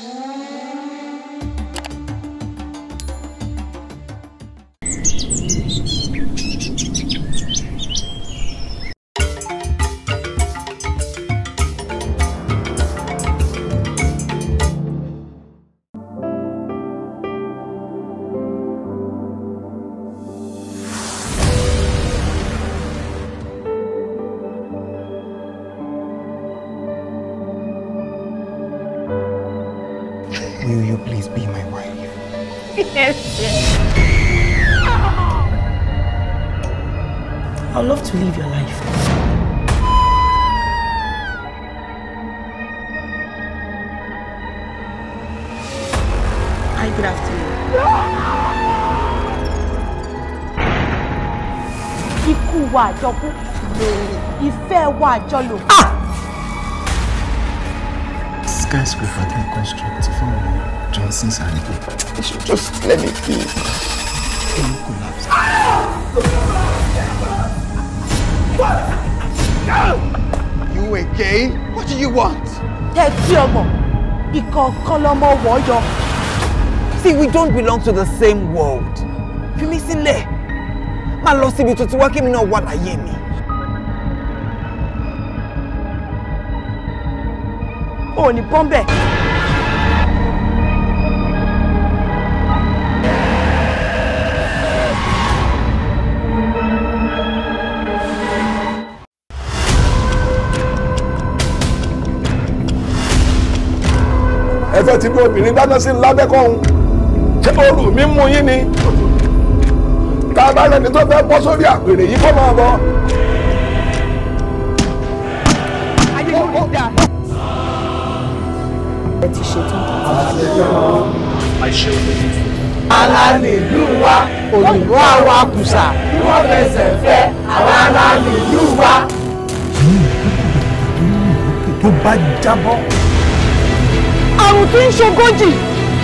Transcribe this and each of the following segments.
Mm-hmm. àjọkú lèrè ìfẹ́ wa àjọlò. Ah! skyscraper dey construct fún Johnson saniko. you should just let me be. it will collapse. you again? what do you want? tẹ́tí ọmọ ìkọ̀ọ̀kan lọmọ wọ̀ yọ. see we don't belong to the same world. fi mí sílẹ̀ má lọ síbi tó ti wá kí mi náà wà láyé mi. o ò ní bọ́ńbẹ́. ẹ fẹ́ ti bí obìnrin dáná sí lábẹ́kọ̀ọ́ ṣé oru mi mú yín ni tá a bá lẹni tó fẹ́ bọ́ sórí àpèrè yìí kó máa bọ́. ayé ló lè wa òyìnbó àwa kùsà bí wọ́n fẹsẹ̀ fẹ́ àwa alálìlú wa. tó bá jábọ́. àrùn tí ń ṣe gójì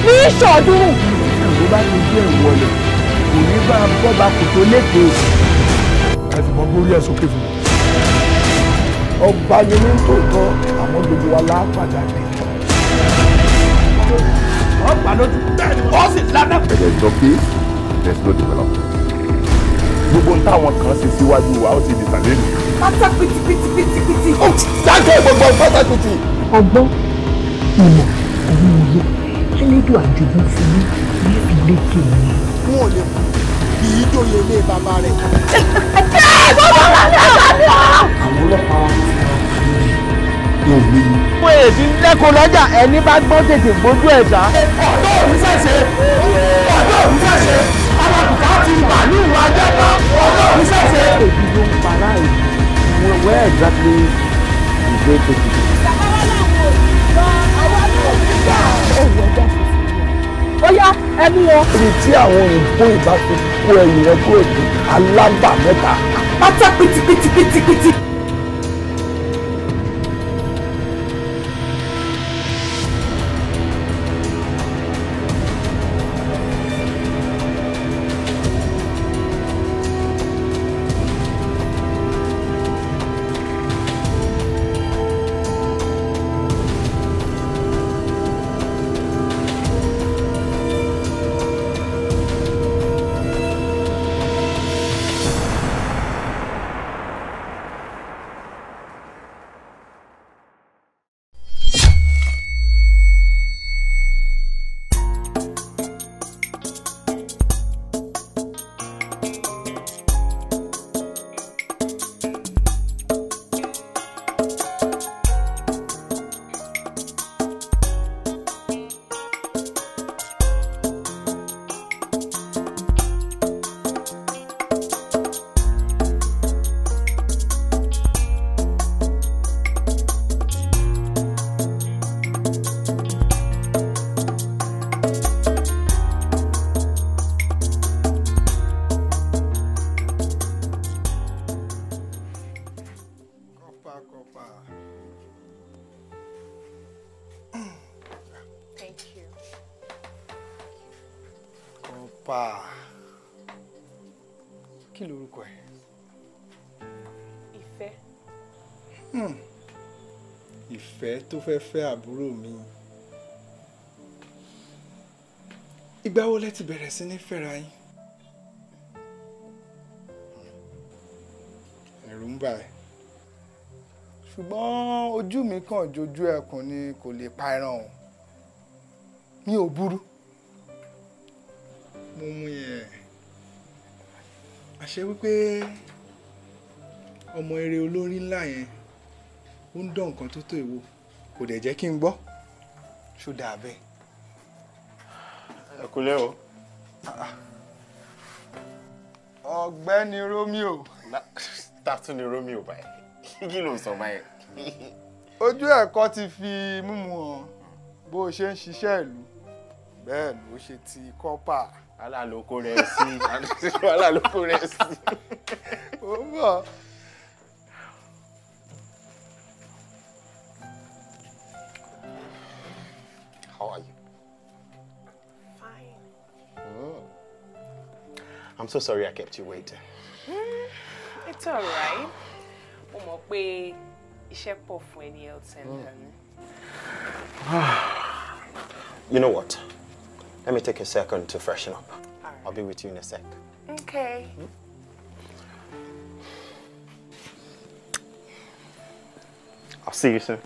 ní ìṣọ̀ọ́dúnrún. ìṣòro bá ti gbé ìwọlẹ̀ kò ní bá bọ́ba kò tó lékè. ẹ fi mọ gbórí ẹ sókè fún mi. ọba ni ní tòótọ́ àmọ́ gbogbo wa la padà dé. ọgbà lójú bẹ́ẹ̀ ni wọ́n sì lánàá. ẹ̀jẹ̀ jọ pé there's no development. gbogbo ń táwọn kan ṣe síwájú wa ó ti di tàlẹ́ nù. pátá pitipitipiti. ó dákẹ́ gbogbo pátá pitipiti. ọgbọ́n ìmọ̀ òun òye ẹlẹ́dùn àjògùn fún mi ní ìpínlẹ̀ kejì kún ò kì í dòye ilé bàbá rẹ̀. àwọn ọlọ́pàá yóò gbé yín. mo èsì lẹ́kọ̀ọ́ lọ́jà ẹni bá gbọ́ tètè gbójú ẹ̀ sá. ọ̀dọ́ òun ṣẹ̀ṣẹ̀ ọ̀dọ́ òun ṣẹ̀ṣẹ̀ alákùúkà ti bà ní ìwà ajẹ́pá ọ̀dọ́ òun ṣẹ̀ṣẹ̀. èyí ló ń para èyí wẹ́ exactly ìgbé tètè. ìjàmbá wà láwọn òbí lọ àwọn àbúrò òbí gbà bóyá ẹnu wọn. ibi tí àwọn òyìnbó ìbá kó ẹ̀yìn rẹ kúrò ní alágbà pátá pitipitipitipiti. fẹ́ fẹ́ àbúrò mi ìgbà wo lẹ ti bẹ̀rẹ̀ sí ní fẹ́ra yín ẹ̀rù ń bà ẹ́. ṣùgbọ́n ojú mi kàn jojú ẹkùn ni kò lè pa ẹran o mi ò burú. mo mú yẹn àṣẹ wípé ọmọ eré olórí ńlá yẹn ó ń dán nǹkan tó tó ìwò kò dẹ̀ jẹ́ kí n gbọ́ ṣó dáa bẹ́ẹ̀. ẹ kúlẹ̀ o. ọ̀gbẹ́ni Romeo. tàtún ni Romeo báyìí kí ló ń sọ báyìí. ojú ẹ̀kọ́ ti fi mímu hàn bó o ṣe ń ṣiṣẹ́ ìlú bẹ́ẹ̀ ló ṣe ti kọ́pà alálòkó rẹ̀ sí alálòkó rẹ̀ sí. ó bọ̀. How are you? Fine. Hmm. I'm so sorry I kept you waiting. Mm, it's all right. Mo mọ̀ hmm. You know what? Let me take a second to freshen up. Right. I'll be with you in a sec. Okay. Hmm? I'll see you soon.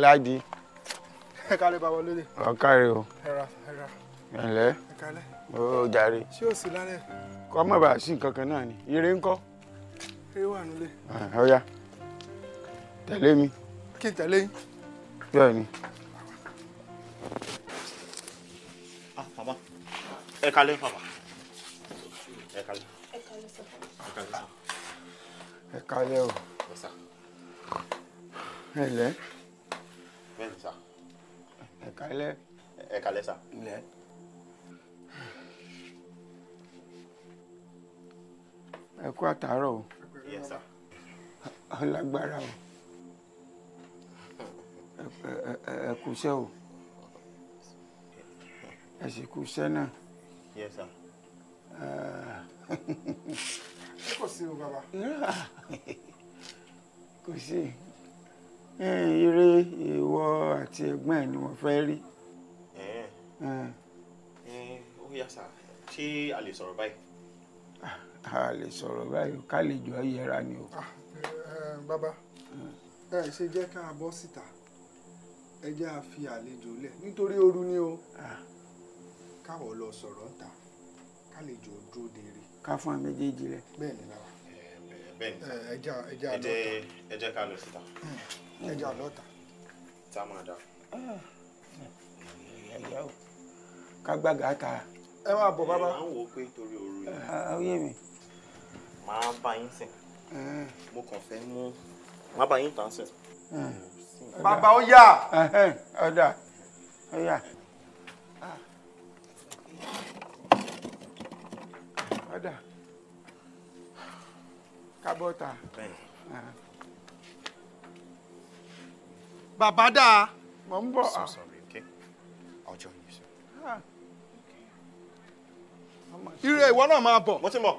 láìdí. ẹ kálẹ̀ bàbá olóde. ọ̀kàrẹ̀ o. ẹ̀rà ẹ̀rà. ẹ̀lẹ́. ẹ̀kálẹ̀. o jàre. ṣé o sì lálẹ́. kọ́ mọ̀ bá sí nǹkan kan náà ni ire ń kọ́. ire wà nílé. ó yá tẹ̀lé mi. kí n tẹ̀lé yín. bẹ́ẹ̀ ni. Ah, bàbá ẹ kálẹ̀ bàbá ẹ kálẹ̀. ẹ kálẹ̀ sọ. ẹ kálẹ̀ o. ẹ lẹ́ bẹ́ẹ̀ ni sà. ẹ kálẹ́. ẹ kálẹ́ sà. ilẹ̀. ẹ kú àtàárọ̀ o. yes sà. ọlágbára o. ẹ kú iṣẹ́ o. ẹ sì kú iṣẹ́ náà. yes sà. kò sí o bàbá. kò sí. eré ìwọ àti ẹ̀gbọ́n ẹ̀ ni wọn fẹ́ rí. ó yá sá ṣé a lè sọ̀rọ̀ báyìí. a lè sọ̀rọ̀ báyìí ká lè jọ yẹra ni o. Ah, bàbá ẹ ṣe jẹ́ ká a bọ́ síta ẹ jẹ́ a fi àlejò lẹ̀ nítorí ooru ni o káwọ̀ lọ sọ̀rọ̀ ta ká lè jọ dúró deere. ká fún àwọn méjèèjì rẹ. bẹ́ẹ̀ ni lára ẹ jẹ́ ká lọ síta. ẹja ọlọ́ta. tá a máa dà. Ah, ẹyà o kágbága ta. ẹ máa bọ̀ bàbá. máa ń wo pé torí ooru yìí. Ah, ah, oyè mi. máa bá yín sìn. mo kàn fẹ́ mú máa bá yín tàn sìn. bàbá ó yà. ọ̀dà ó yà. ọ̀dà kábọ̀tà. bẹ́ẹ̀ ni. Bàbá dà. Mo ń bọ̀. So sorry, okay? I'll join you soon. Ah. Ire ìwọ náà máa bọ̀. Mo ti ń bọ̀.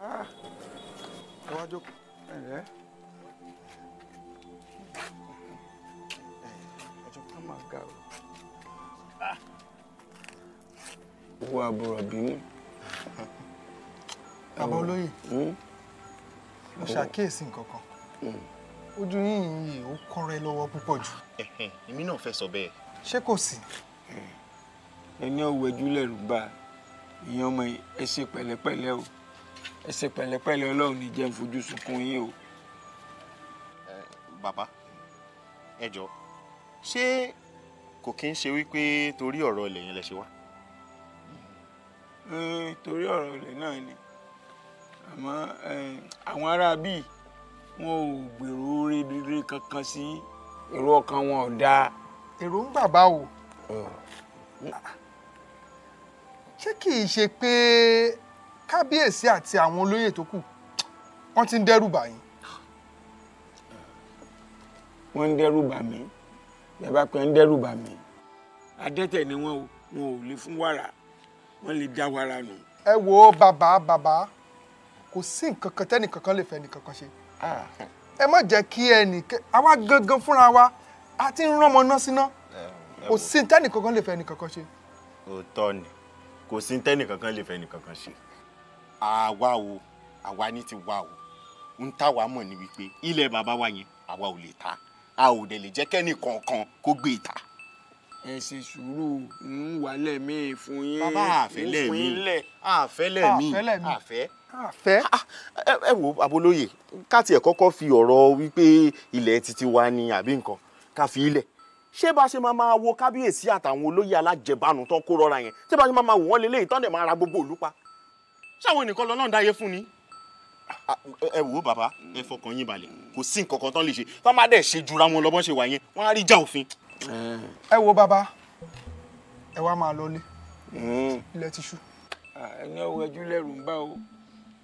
Ah. Ẹ wá jókòó. Ẹ rẹ̀. Ẹ máa ga o. Owó àbúrò bímú. Bàbá olóyè, hmm? mo ṣàkíyèsí nǹkan kan ojú yín yìí ó kọ́rẹ́ lọ́wọ́ púpọ̀ jù. èmi náà fẹ́ sọ bẹ́ẹ̀. ṣé kò sí. ẹni ọ̀wẹ́ júlẹ̀ ló bá ìyẹn ọmọ ẹ ṣe pẹ̀lẹ́pẹ̀lẹ́ o ẹ ṣe pẹ̀lẹ́pẹ̀lẹ́ ọlọ́run ní jẹ́ ń fojú sunkún yín o. bàbá ẹ jọ ṣé kò kí ń ṣe wípé torí ọ̀rọ̀ ilẹ̀ yẹn lẹ ṣe wá. torí ọ̀rọ̀ ilẹ̀ náà ni àmọ́ àwọn ará bíi wọn ò gbèrò rere kankan sí èrò ọkàn wọn ò dáa. èrò ń gbà bá wò. ṣé kì í ṣe pé kábíyèsí àti àwọn olóyè tó kù wọ́n ti ń dẹ́rù bà yín. wọ́n ń dẹ́rù bà mí bẹ́ẹ̀ bá pé ń dẹ́rù bà mí. adẹ́tẹ̀ ni wọ́n wọn ò lè fún wàrà wọ́n lè dá wàrà nù. ẹ wo bàbá bàbá kò sí nǹkan kan tẹ́nìkankan lè fẹ́ nìkankan ṣe ẹ má jẹ́ kí ẹnì àwa gangan fúnra wa a ti ń ránmọ ná síná kò sí tẹ́nì kankan lè fẹ́ ẹnì kankan ṣe. òótọ́ ni kò sí tẹ́nì kankan lè fẹ́ ẹnì kankan ṣe àwa o àwa ní ti wa o ń táwa mọ̀ ní wípé ilẹ̀ bàbá wa yẹn àwa ò lè ta a ò dẹ̀ lè jẹ́ kẹ́nì kankan kó gbé e ta. ẹ ṣe sùúrù ń wà lẹ́mìí fún yín bàbá àfẹ́lẹ́ mi àfẹ́lẹ́ mi àfẹ́ àfẹ́. ẹ wo abolóye ká tiẹ̀ kọ́kọ́ fi ọ̀rọ̀ wípé ilẹ̀ titi wa ni àbí nǹkan ká fi ilẹ̀ ṣé bá ṣe máa máa wo kábíyèsí àtàwọn olóyè alájẹbánu tán kó rọra yẹn ṣé bá ṣe máa máa wò wọ́n lélẹ́yìí tán dẹ̀ máa ra gbogbo òlú pa ṣáwọn ènìkan lọ́nà dáyé fún ni. ẹ wò ó bàbá ẹ fọkàn yín balẹ̀ kò sí nǹkan kan tán lè ṣe tán má dẹ̀ ṣe jura wọn lọ́bọ́n ṣe wà yẹn wọ́n á rí ilé hmm. ilẹ̀ tìṣú. ẹni ọwọ́ ẹjú lẹ́rù ń bá o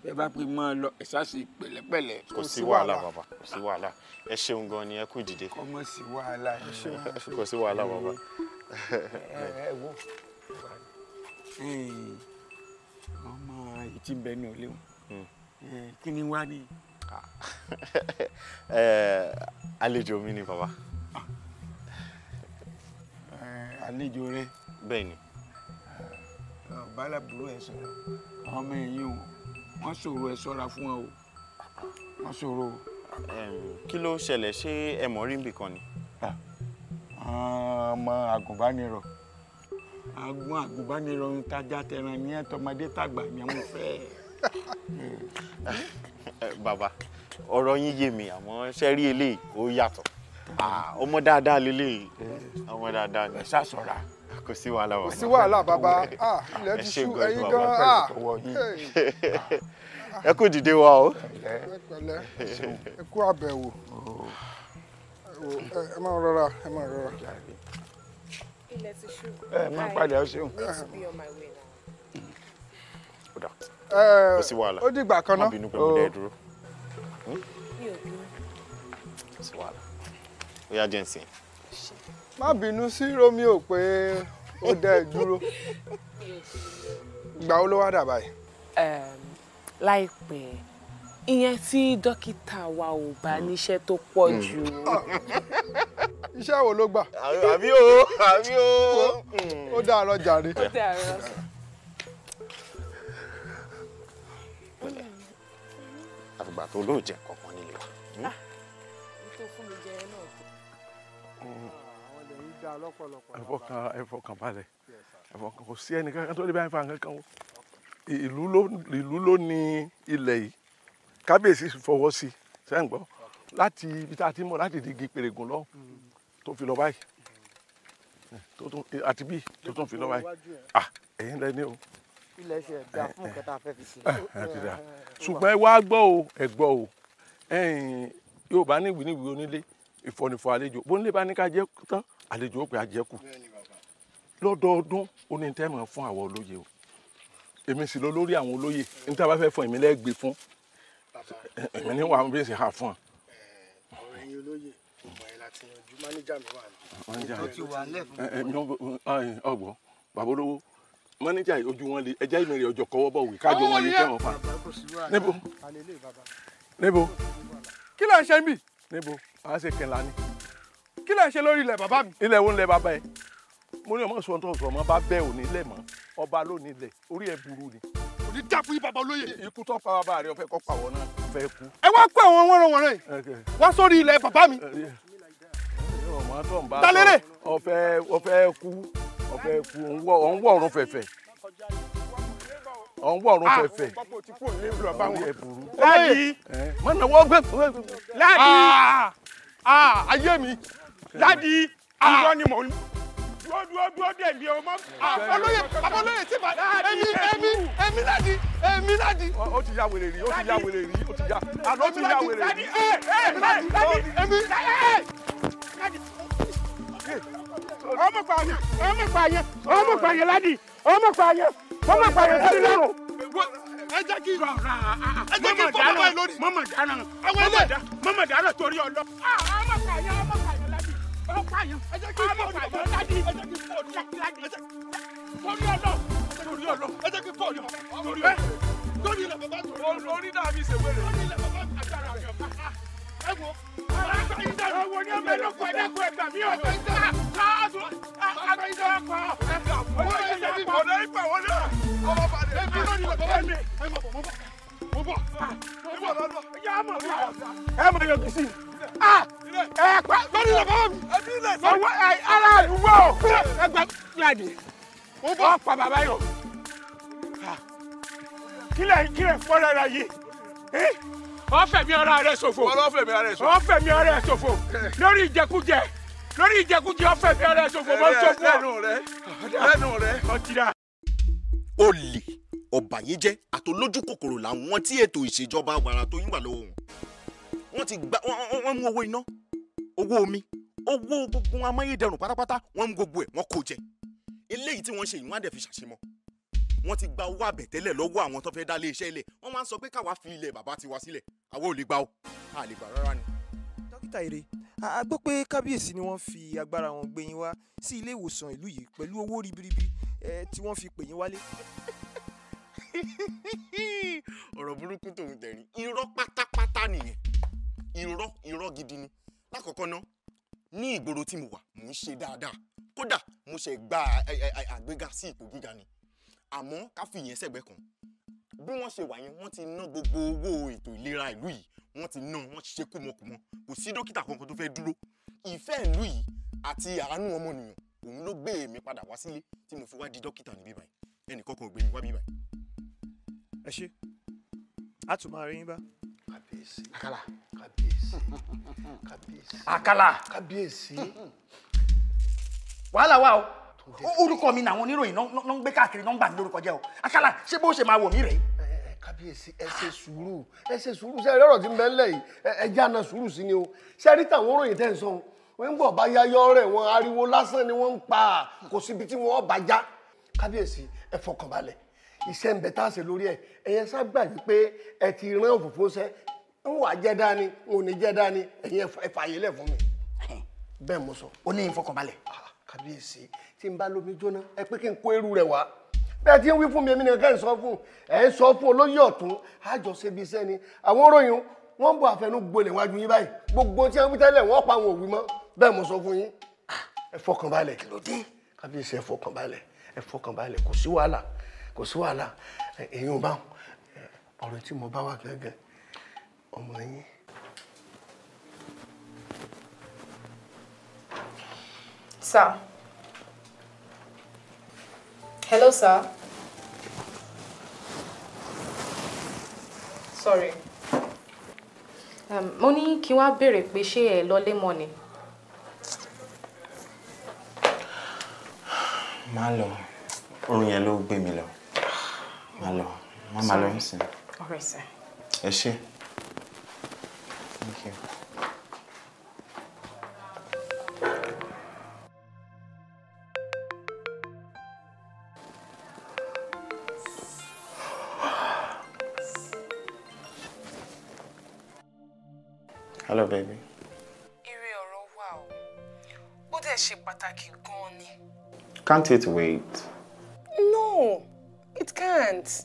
bẹ́ẹ̀ bá pè mọ́ ọ lọ ẹ̀ ṣáṣe pẹ̀lẹ́pẹ̀lẹ́. kò sí wàhálà bàbá kò sí wàhálà ẹ ṣeun gan ni ẹ kú ìdìde. kò mọ̀ sí wàhálà ẹ ṣeun. kò sí wàhálà bàbá. ẹ wo ọmọ ìtìbẹ̀ náà léwu kí ni wá ní. àlejò mi ni bàbá. àlejò rẹ. bẹ́ẹ̀ ni. ọ̀bá làbúrò ẹ̀ sọ̀rọ̀ ọmọ ẹ̀yìn o wọ́n ṣòro ẹ ṣọ́ra fún wọn o wọ́n ṣòro. kí ló ṣẹlẹ̀ ṣé ẹ mọ̀ rí nbìkan ni. ọmọ agùnbánirọ̀ agbọn agùnbánirọ̀ ń tajà tẹran ní ẹ tọmọdé tàgbà ni mo fẹ́. bàbá ọ̀rọ̀ yín yé mi àmọ́ ṣe rí eléyìí ó yàtọ̀ ọmọ dáadáa lélẹ́yìí ọmọ dáadáa ni. ẹ ṣàṣọra kò sí wàhálà wà. kò sí wàhálà bàbá ah, ilẹ̀ ti ṣú ẹ̀yin gan ah, ẹ kú dìde wa o. ẹ kú àbẹ̀wò ẹ máa rọra ẹ máa rọra. ilẹ̀ ti ṣú. ẹ má padà ẹ ṣeun. kò sí wàhálà ó dìgbà kan náà. bínú pé mo dúró. kò sí wàhálà ó yá jẹ́ nsìn má bínú sí Romeo pé ó dá ẹ dúró ìgbà wo ló wá dà báyìí. láìpẹ́ ìyẹn tí dókítà wa ò bá níṣẹ́ tó pọ̀ hmm. jù. iṣẹ́ wo ló gbà. àmì o àmì o. Hmm. ó dà rọ jàre. àfìgbà tó lóò jẹ kọ̀ọ̀kan nílé wa. Ah, ẹfọkàn ẹfọkàn balẹ̀ ẹfọkàn kò sí ẹnìkan tó lè bá ẹfọkàn kankan o ìlú ló ìlú ló ní ilẹ̀ yìí kábíyèsí fọwọ́ sí sẹ́yìn láti ibi tá a ti mọ̀ láti digi pèrègùn lọ tó fi lọ báyìí àti bí tó tún fi lọ báyìí ah ẹ̀yin lẹ́ni o ilẹ̀ ṣe ẹ̀dá fún nǹkan fẹ́ fi ṣe. ṣùgbọ́n ẹ wá gbọ́ o ẹ gbọ́ o Yorùbá níwìníwì onílé ìfọ̀nìfọ̀ àlejò bó nílé bá ní ká jẹ́ tán àlejò ó pè àjẹkù lọ́dọọdún ó ní tẹ́ mọ̀ fún àwọn olóye o èmi sì lọ lórí àwọn olóye ní tá a bá fẹ́ fún èmi lẹ́gbẹ̀ẹ́ fún èmi ní wàá bí èsì hà fún ọ. ọ̀rẹ́ yín olóye ọmọ ẹ̀ láti yanjú mánéjà mi wà ní. ètò ti wà lẹ́fún. ọgbọ bàbá olówó mánéjà ojú wọn le ẹjẹ ìmìrì ọjọ́ kọ́wọ́ bọ wí kájọ wọn lè tẹwọn fa. níbo níbo kí ló ń ṣe ń bì níbo à ń ṣe kìnìlá ni. kí lẹ ṣe lórí ilẹ̀ bàbá mi. ilẹ̀ wo ń lẹ bàbá ẹ mo ní ọmọ sọ tó sọ ọmọ bá bẹ́ẹ̀ ò ní lẹ̀ mọ́ ọba ló ní lẹ̀ orí ẹ burú ni. kò ní dákun yí bàbá olóye. ikú tó pa bàbá rẹ ọfẹ kọ pa wọn náà fẹ́ kú. ẹ wá kó àwọn wọ́nrọ̀wọ́nrọ̀ yìí wá sórí ilẹ̀ bàbá mi. talẹ́rẹ̀. ọfẹ ọfẹ kú ọfẹ kú òun wọ ọrùn fẹ̀fẹ̀ ọ̀nwọ́ ọ̀run fẹ̀fẹ̀. Ah, láàdì eh, mọ̀nà wọ́n gbé. láàdì ah, ah, ayé mi láàdì irọ́ ni mò ń. dúró dúró dúró dé mi ọmọ. olóyè olóyè ti bàdá èmi èmi èmi láàdì èmi láàdì. ó ti ya wèrè rí ó ti ya wèrè rí ó ti ya àná ó ti ya wèrè rí. láàdì ẹ ẹ láàdì èmi láàdì ọmọ pààyàn ọmọ pààyàn ọmọ pààyàn láàdì ọmọ pààyàn wọ́n máa pààyàn sẹ́ni lọ́rùn. ẹ jẹ́ kí mọ̀mọ̀ dáná mọ̀mọ̀ dáná mọ̀mọ̀ dáná torí ọlọ. ọmọ pààyàn ọmọ pààyàn lábì ọmọ pààyàn ọmọ pààyàn lábì torí ọlọ torí ọlọ ẹ jẹ́ kí bọ́ọ̀lù torí ọlọ lórí ilẹ̀ bàbá tó lórí lórí náà mi ṣèwé rẹ̀ lórí ilẹ̀ bàbá àjàrà rẹ̀ bá ẹ wo àgbà ìdá rẹ̀ wo ni ọmọ ẹlọ́kọ̀ ẹ̀dẹ́kọ̀ ẹ̀gbà mi ọ̀gbà ìdá rẹ̀ káàtó àgbà ìdá rẹ̀ kọ̀ ẹ̀ ẹ mọ yọ bisi ẹ pa lórí lọ bàbá mi ọwọ́ ẹ ara àdúgbò ẹ gba kílàdì mo bọ pa bàbá yọ kílẹ̀ kílẹ̀ fọ́nrẹ́ rẹ yìí ọ̀fẹ̀mí ara rẹ ṣòfò ọ̀fẹ̀mí ara rẹ ṣòfò lórí ìjẹkújẹ lórí ìjẹkújẹ ọ̀fẹ̀mí ara rẹ ṣòfò mọ́ ṣòfò lẹ́nu rẹ lẹ́nu rẹ ọtí dá olè ọ̀bàyéjẹ́ àtolójú kòkòrò làwọn tí ètò ìṣèjọba wàrà tó yín wà lọ́wọ́ wọn wọ́n ti gba wọ́n mú owó iná owó omi owó gbogbo amáyédẹrùn pátápátá wọ́n mú gbogbo ẹ̀ wọ́n kó jẹ eléyìí tí wọ́n ṣe ìwọ́n àdẹ̀ fi ṣàṣemọ́ wọ́n ti gba owó àbẹ̀tẹ́lẹ̀ lọ́wọ́ àwọn tó fẹ́ dá lé iṣẹ́ ilẹ̀ máa ń sọ pé káwa fi ilẹ̀ bàbá tiwa sílẹ̀ àwa ò lè gbà ó a lè gbà rárá ni. dókítà ire a pé kábíyèsí ni wọ́n fi agbára wọn gbé wá sí ilé ìwòsàn ìlú yìí pẹ̀lú owó ribiribi tí wọ́n fi pè yín wálé. ọ̀rọ̀ burúkú tòun tẹ̀rín irọ́ pátápátá nìyẹn irọ́ irọ́ gidi ni lákọ̀ọ́kọ́ ná ní ìgboro tí mo wà mò ń ṣe dáadáa kódà mo ṣe gba àgbéga sí ipò gíga ni àmọ́ ká fi ìyẹn sẹ́gbẹ́ kan bí wọ́n ṣe wà yẹn wọ́n ti ná gbogbo owó ètò ìlera ìlú yìí wọ́n ti ná wọ́n ṣe kúmọkùmọ kò sí dókítà kankan tó fẹ́ dúró ìfẹ́ ìlú yìí àti àánú ọmọnìyàn òun ló gbé èmi padà wá sílé tí mo fi wá di dókítà níbí báyìí ẹnì kọ́kọ́ ò gbé mi wá bí báyìí. ẹ ṣe a tún máa rí yín bá. kábíyèsí àkàlà kábíyèsí kábíyèsí àkàlà kábíyèsí. wàhálà wà o orúkọ mi làwọn oníròyìn náà ń gbé káàkiri náà ń gbà mí lórúkọ jẹ o àkàlà ṣé bó ṣe máa wò mí rèé kábíyèsí ẹ ṣe sùúrù ẹ ṣe sùúrù ṣe ẹ rọrọ tí ń bẹ ń lẹ yìí ẹ jẹ àna sùúrù sí ni o ṣe rí tàwọn òròyìn tẹ ń sọ wọ́n ń bọ̀ bá yáyọ́ rẹ̀ wọ́n ariwo lásán ni wọ́n ń pa kò síbi tí wọ́n bá já kábíyèsí ẹ fọkànbalẹ̀ iṣẹ́ ń bẹ tá a ṣe lórí ẹ̀ ẹ̀yẹn sábà yìí pé ẹ ti rán òfófó ṣẹ́ ń wà jẹ́ dání ń ò ní jẹ́ dání ẹ̀yẹn ẹ fún mi bẹ́ẹ̀ mo sọ. ó ní ìfọkànbalẹ̀. Ah, kábíyèsí tí n bá lómi jóná ẹ pé kí n kó eru rẹ̀ wá bẹ́ẹ̀ tí ń wí fún mi èmi nìkan kẹ́ ń sọ fún ẹ̀ ń sọ fún olóyè ọ̀tún àjọṣe bíi iṣẹ́ ni àwọn oròyìn wọ́n ń bọ̀ àfẹnugbolẹ̀ wájú yín báyìí gbogbo tí wọ́n ń tẹ́lẹ̀ wọ́n pa àwọn òwì mọ́ bẹ́ẹ̀ mo sọ fún yín ah, ẹ fọkàn balẹ̀ kí ló dé kábíyèsí ẹ fọkàn balẹ̀ ẹ fọkàn balẹ̀ kò sí wàhálà kò sí wàhálà èyí ò bá wọn ọ̀rọ̀ tí mo bá wà gẹ́gẹ́ ọmọ yín. Sir. Hello, sa Sorry. Um, mo ní kí wá béèrè pé ṣé ẹ lọ lé ni. má lọ orin yẹn ló gbé mi lọ má lọ má má lọ ń sìn. ọ̀rẹ́ sẹ́. ẹ ṣé. Thank you. Can't it wait? No, it can't.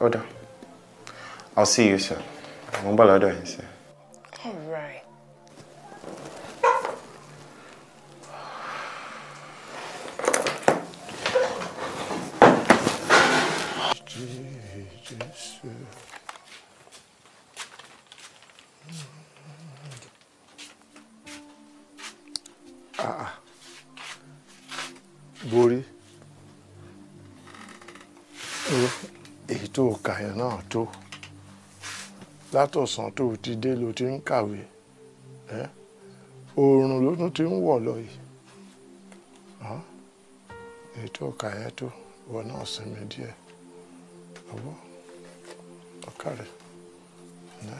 Order. I'll see you soon. Mumba Lodo, sir. látọ̀sán tó ti dé ló ti ń kàwé oòrùn ló tún ti ń wọ̀ lọ yìí ètò ọkà yẹn tó wọ náà sinmi díẹ̀ ọwọ́ ọkà rẹ̀ ná.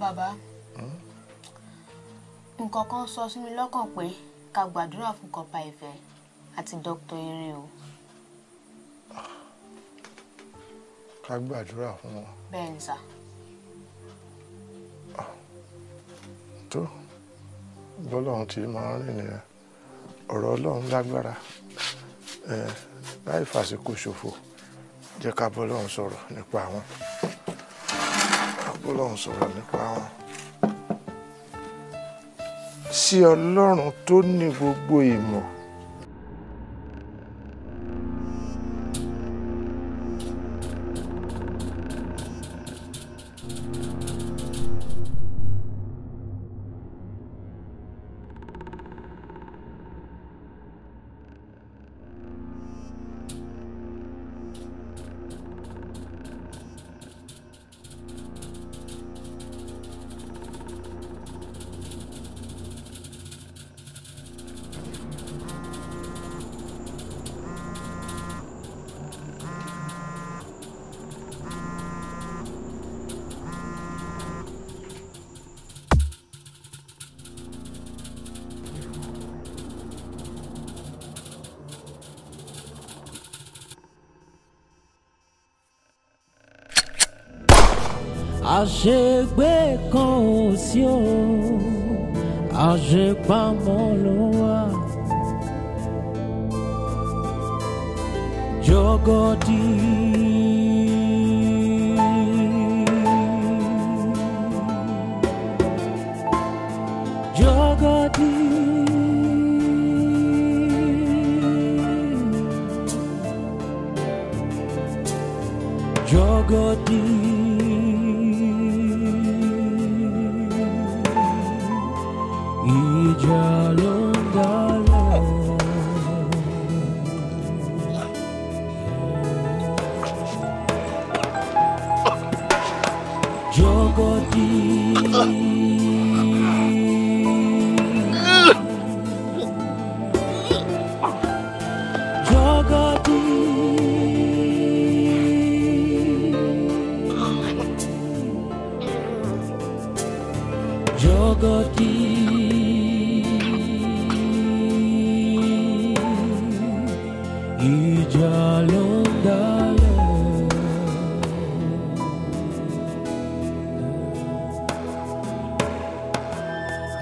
bàbá nǹkan kan sọ sí mi lọ́kàn pé ká gbàdúrà fún kọpa ìfẹ́ àti dr ire o. ká gbàdúrà fún wọn. bẹ́ẹ̀ ni sà. tó bọ́lọ́run ti máa rìn nìyẹn ọ̀rọ̀ ọlọ́run lágbára láì fàsìkò ṣòfò jẹ́ ká bọ́lọ́run sọ̀rọ̀ nípa wọn bọ́lọ́run sọ̀rọ̀ nípa wọn. sí ọlọ́run tó ní gbogbo ìmọ̀.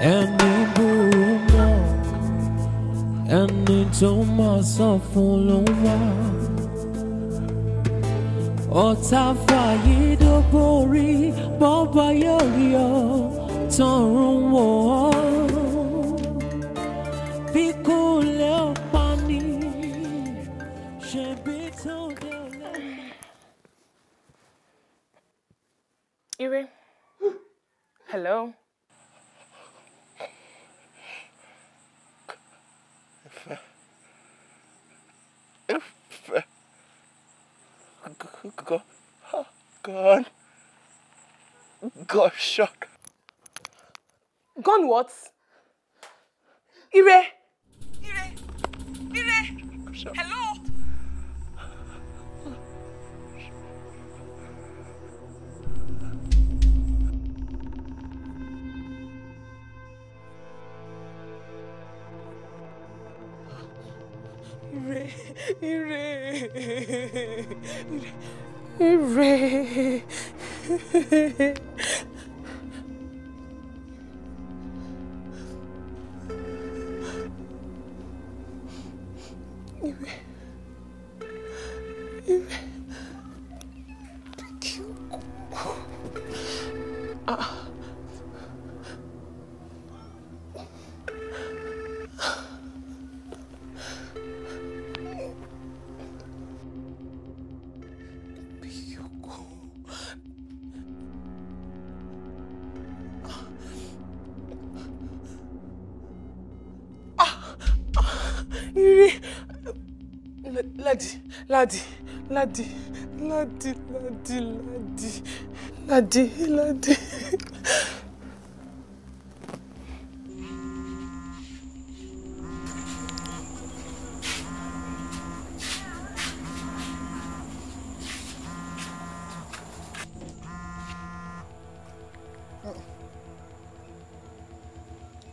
Ẹni burú mọ́ ẹni tó Ọ̀tá fàyídógbò rí bọ́ọ̀bà yóò rí ọ tọrùn wò ó. Bí Hello. Gone. Got shot. Gone what? Ire. Ire. Ire. Hello. Ire. Ire. Ire. Hooray! Ladi, Ladi, Ladi, Ladi, Ladi, Ladi.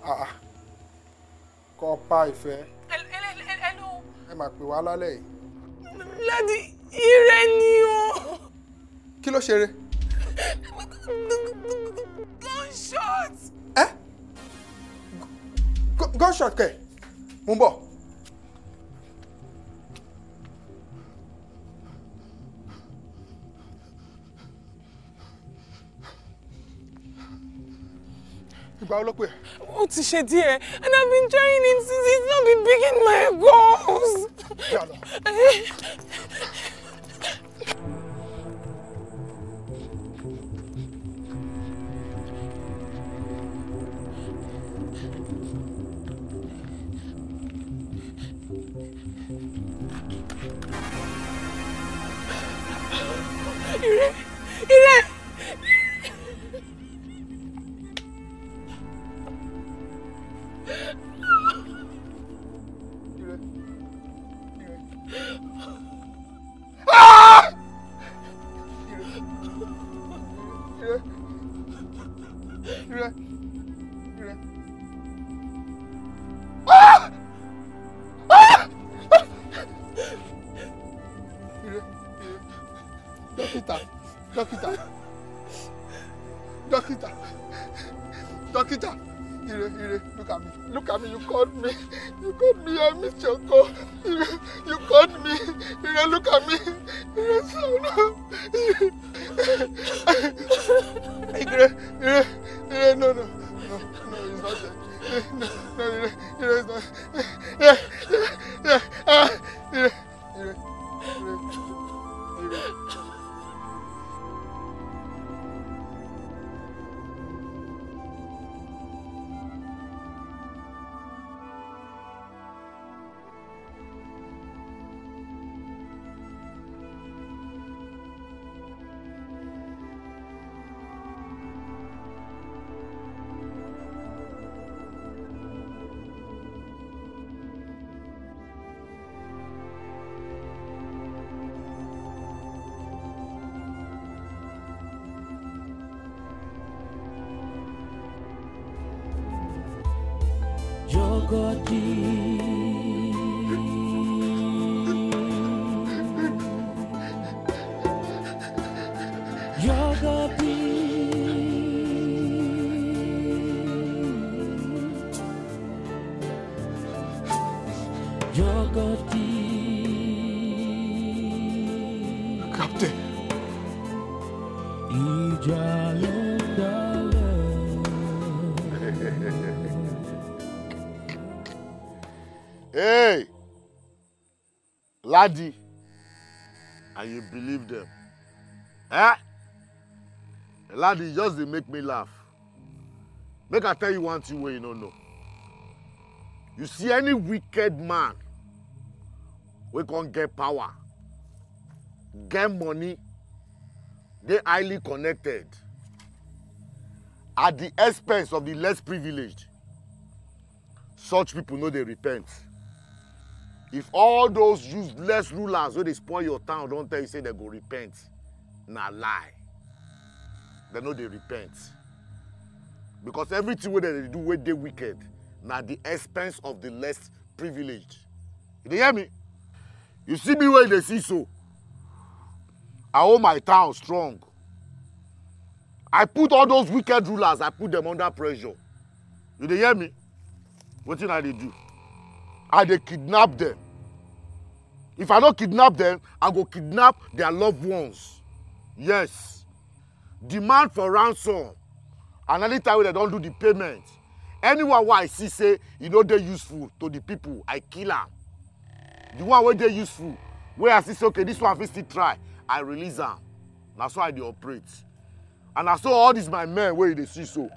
Ah, Kọ́ pa ìfẹ́. Ẹ ló. Ẹ máa pè wá lálẹ́ yìí. gunshot kẹ̀ mo ń bọ̀. ìgbà olópè. ó ti ṣe díẹ̀ and I've been trying it since it's not been picking my goals. yàrá. Captain. Hey! laddie, and you believe them. Eh? Laddie, just dey make me laugh. Make I tell you one thing wey you no know. You see any wicked man We come get power get money dey highly connected at the expense of the less privileged such people no dey repent if all those useless rulers wey dey spoil your town don tell you say dem go repent na lie dem no dey repent because everything wey dem dey do wey dey wicked na the expense of the less privileged you dey hear me you see me where they see so i hold my town strong i put all those wicked rulers i put them under pressure you dey hear me What wetin i dey do i they kidnap them if i no kidnap them i go kidnap their loved ones yes demand for ransom and anytime wey dem don do the payment anyone wey i see say you e know dey useful to the people i kill am the one wey dey useful wey i see say okay this one fit still try i release am na so i dey operate and na so all these my men wey you dey see so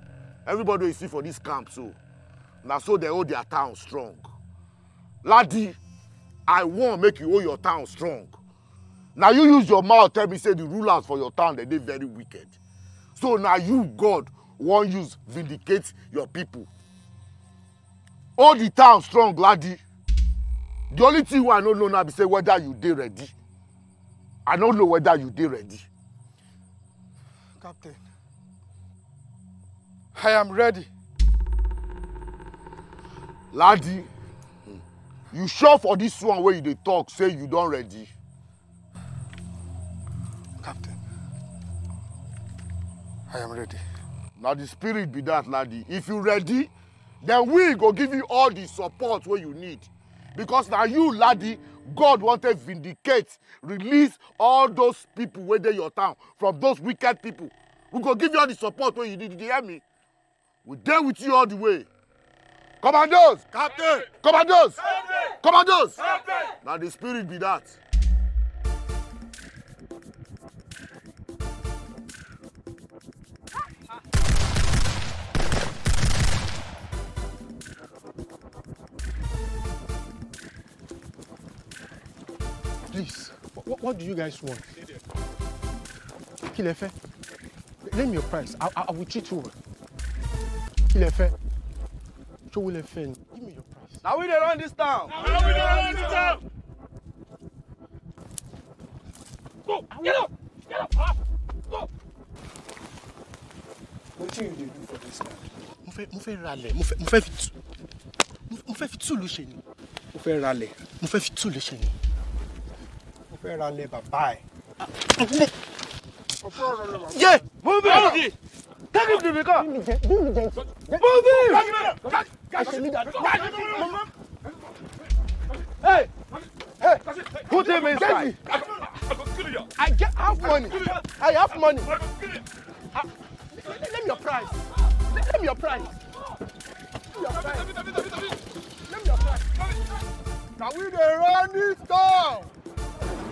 everybody wey you see for this camp so na so dey hold their town strong ladi i wan make you hold your town strong na you use your mouth tell me say the rulers for your town dey dey very wicked so na you god wan use vindicate your people hold the town strong ladi the only thing i don't know now be say whether you dey ready i don't know whether you dey ready. captain i am ready. ladi you sure for this one Where you dey talk say you don ready. captain i am ready. na the spirit be that ladi if you ready then we go give you all the support wey you need because now you laddie god wanted vindicate release all those people wey dey your town from those wicked people we go give you all the support wey you need you dey hear me we dey with you all the way commandos captain commandos captain commandos captain na the spirit be that. please, what, what do you guys want? Kí Name your price. I, I, I will cheat you well. show lẹ fẹ́? Give me your price. Na we dey run dis town. Na we dey run dis town. Go! Get up! Get up! Ah! Go! Wetin you do for this man? dis land? Mo fẹ́ mo fẹ́ ralẹ̀ mo fẹ́ mo fẹ́ fi tú mo fẹ́ fi tú lu ṣe ni. Mo fẹ́ ralẹ̀. Mo fẹ́ fi tú lu ṣe ni fẹ́ ra lẹ bàbá ẹ̀. yé múbi take him to me car. múbi. Hey, hey, put him inside. I get half money. I have money. I, let, me your price. Let, me your price. Let your price. Let Now we dey run this town.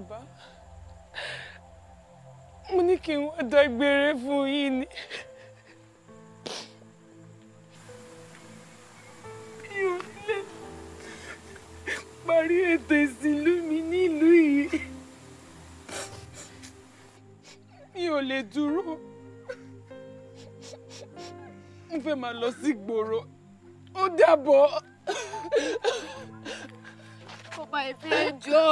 bàbá mo ní kí n wá dágbére fún yín ni mi ò lè parí ètò ìsìnlú mi nílùú yìí mi ò lè dúró mo fẹ́ máa lọ sí gbòòrò ó dàbọ̀. Ó máa jọ.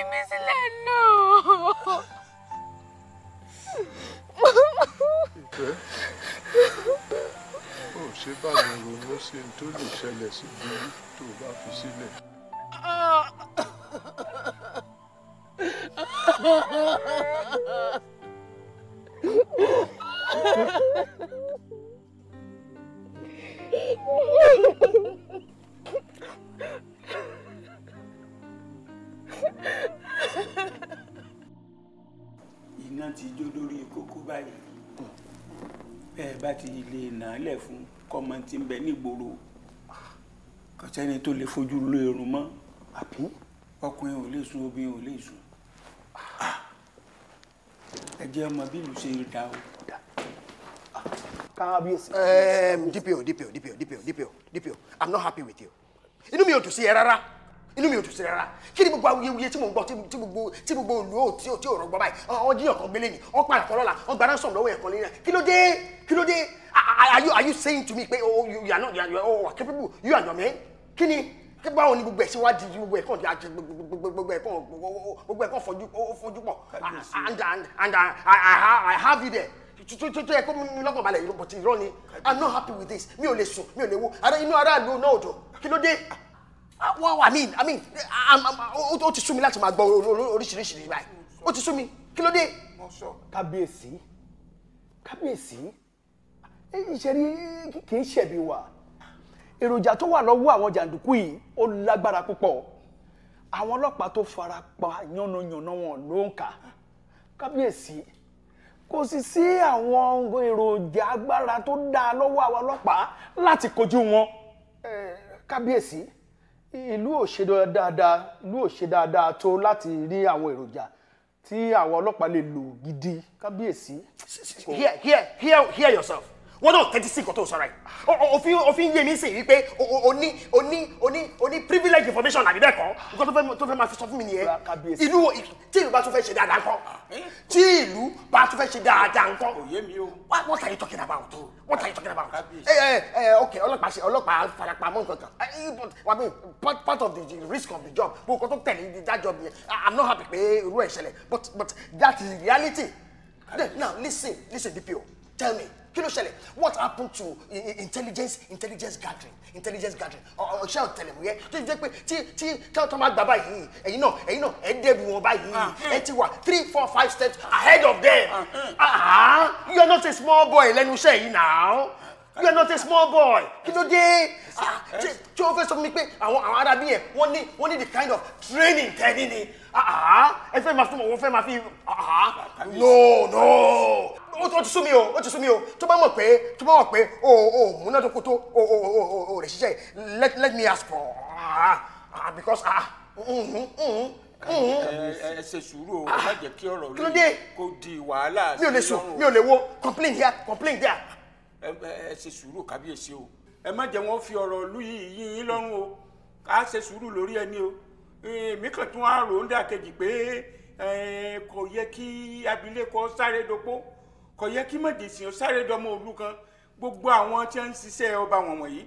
fi mí sílẹ̀ náà. ìfẹ́ ò ṣe bá mi ronú sí ní tó lè ṣẹlẹ̀ sí burú tó o bá fi sílẹ̀. Ha ha ha ha! iná ti jó lórí kókó báyìí bẹ́ẹ̀ bá ti lè nà á lẹ̀ fún kọ́mọ tí ń bẹ nígboro kò tó lè fojú lóorun mọ́ ọkùnrin ò lè sùn obìnrin ò lè sùn ẹ jẹ́ ọmọ bílù ṣe dá o. kábíyèsí. DPO DPO DPO DPO DPO DPO I'm not happy with you inú mi ò dùn sí ẹ rárá inú mi ò dùn sí rárá kí ni gbogbo awuyewuye tí mò ń tí gbogbo tí gbogbo òlu tí ò tí ò rọgbọ báyìí ọ jíyàn kan gbélé ni ọ padà kọ lọ́la ọ gbàdá sọ̀rọ̀ lọ́wọ́ ẹ̀kan lẹ́yìn kí ló dé kí ló dé are you are you saying to me pé oh you are not you are oh capable you are not man kí ni kí báwo ni gbogbo ẹ̀ ṣe wá di gbogbo ẹ̀ kàn di àjẹ gbogbo ẹ̀ kàn gbogbo ẹ̀ kàn fojú fojú pọ̀ and and and I have you there tututu ẹ kó mi lọ́kàn balẹ̀ but irọ́ ni I'm not happy with this mi ò lè sùn mi ò lè wo inú aráàlú náà ò dùn kí ló dé. Ah, well i mean i mean ó ti sú mi láti máa gbọ́ oríṣiríṣi báyìí ó ti sú mi kí ló dé. kábíyèsí kábíyèsí ìṣẹ̀rí kì í ṣẹ̀bi wa èròjà tó wà lọ́wọ́ àwọn jàǹdùkú yìí ó lágbára púpọ̀ àwọn ọlọ́pàá tó fara pa yánnayànna wọn ló ń kà kábíyèsí kò sì sí àwọn èròjà agbára tó dáa lọ́wọ́ àwọn ọlọ́pàá láti kojú wọn kábíyèsí. Eh, ìlú ò ṣe dáadáa ìlú ò ṣe dáadáa tó láti rí àwọn èròjà tí àwọn ọlọ́pàá lè lò gidi kábíyèsí. hear hear hear hear yourself wọ́n náà tẹ́tí sí nǹkan tó sọ̀rọ̀ yìí òfin òfin yé mi sì wípé oní oní oní oní privilege information àbí bẹ́ẹ̀ kọ́ nǹkan tó fẹ́ máa fi sọ fún mi nìyẹn ìlú tí ìlú bá tún fẹ́ ṣe dáadáa ńkọ́ tí ìlú bá tún fẹ́ ṣe dáadáa ńkọ́ what are you talking about oh. what are you talking about ẹ ẹ ẹ ok ọlọ́pàá ṣe ọlọ́pàá farapamọ́ nǹkan kan i mean part of the risk of the job gbogbo tó tẹ̀lé that job yẹn i'm not happy pé irú ẹ̀ ṣẹlẹ̀ but but that is reality then now listen listen DPO tell me kí ló ṣẹlẹ̀ what happened to intelligence intelligence gathering intelligence gathering ọ̀ṣẹ́ ọ̀tẹlẹ̀múyẹ́ tó ti jẹ́ pé tí tí káwọn tó máa gbà báyìí ẹ̀yin náà ẹ̀yin náà ẹ̀ dẹ́bi wọn báyìí ah, hmm. ẹ̀ ti wà three four five steps ahead of them ah, hmm. ah you are not a small boy lẹ́nu iṣẹ́ yìí now you are not a small boy kí ló dé tí ah, o fẹ́ sọ fún mi pé àwọn àwọn ará yẹn wọ́n ní wọ́n ní the kind of training tẹ́ni ni ẹ fẹ́ máa fún wọn fẹ́ máa fi no no ó ti sú mi o ó ti sú mi o tó bá mọ̀ pé tó bá mọ̀ pé o o múná tó kú tó o o o o o rè ṣiṣẹ́ let let me ask for ah ah because ah mm-hmm, mm-hmm, mm-hmm. ẹ ṣe sùúrù o ah, má jẹ́ kí ọ̀rọ̀ lórí kó di wàhálà sí lọ́rùn mi mi ò lè wo complain here complain there. ẹ ṣe sùúrù kábíyèsí o ẹ má jẹ́ wọ́n fi ọ̀rọ̀ lú yìí yín lọ́rùn o ká ṣe sùúrù lórí ẹni o èmi kàn tún á rò ń dà kejì pé kò yẹ kí abilékọ sáré dopó kò yẹ kí mọ̀jèsìn ó sáré dọmọ òlu kan gbogbo àwọn tí wọ́n ń ṣiṣẹ́ ọba wọn wọ̀nyí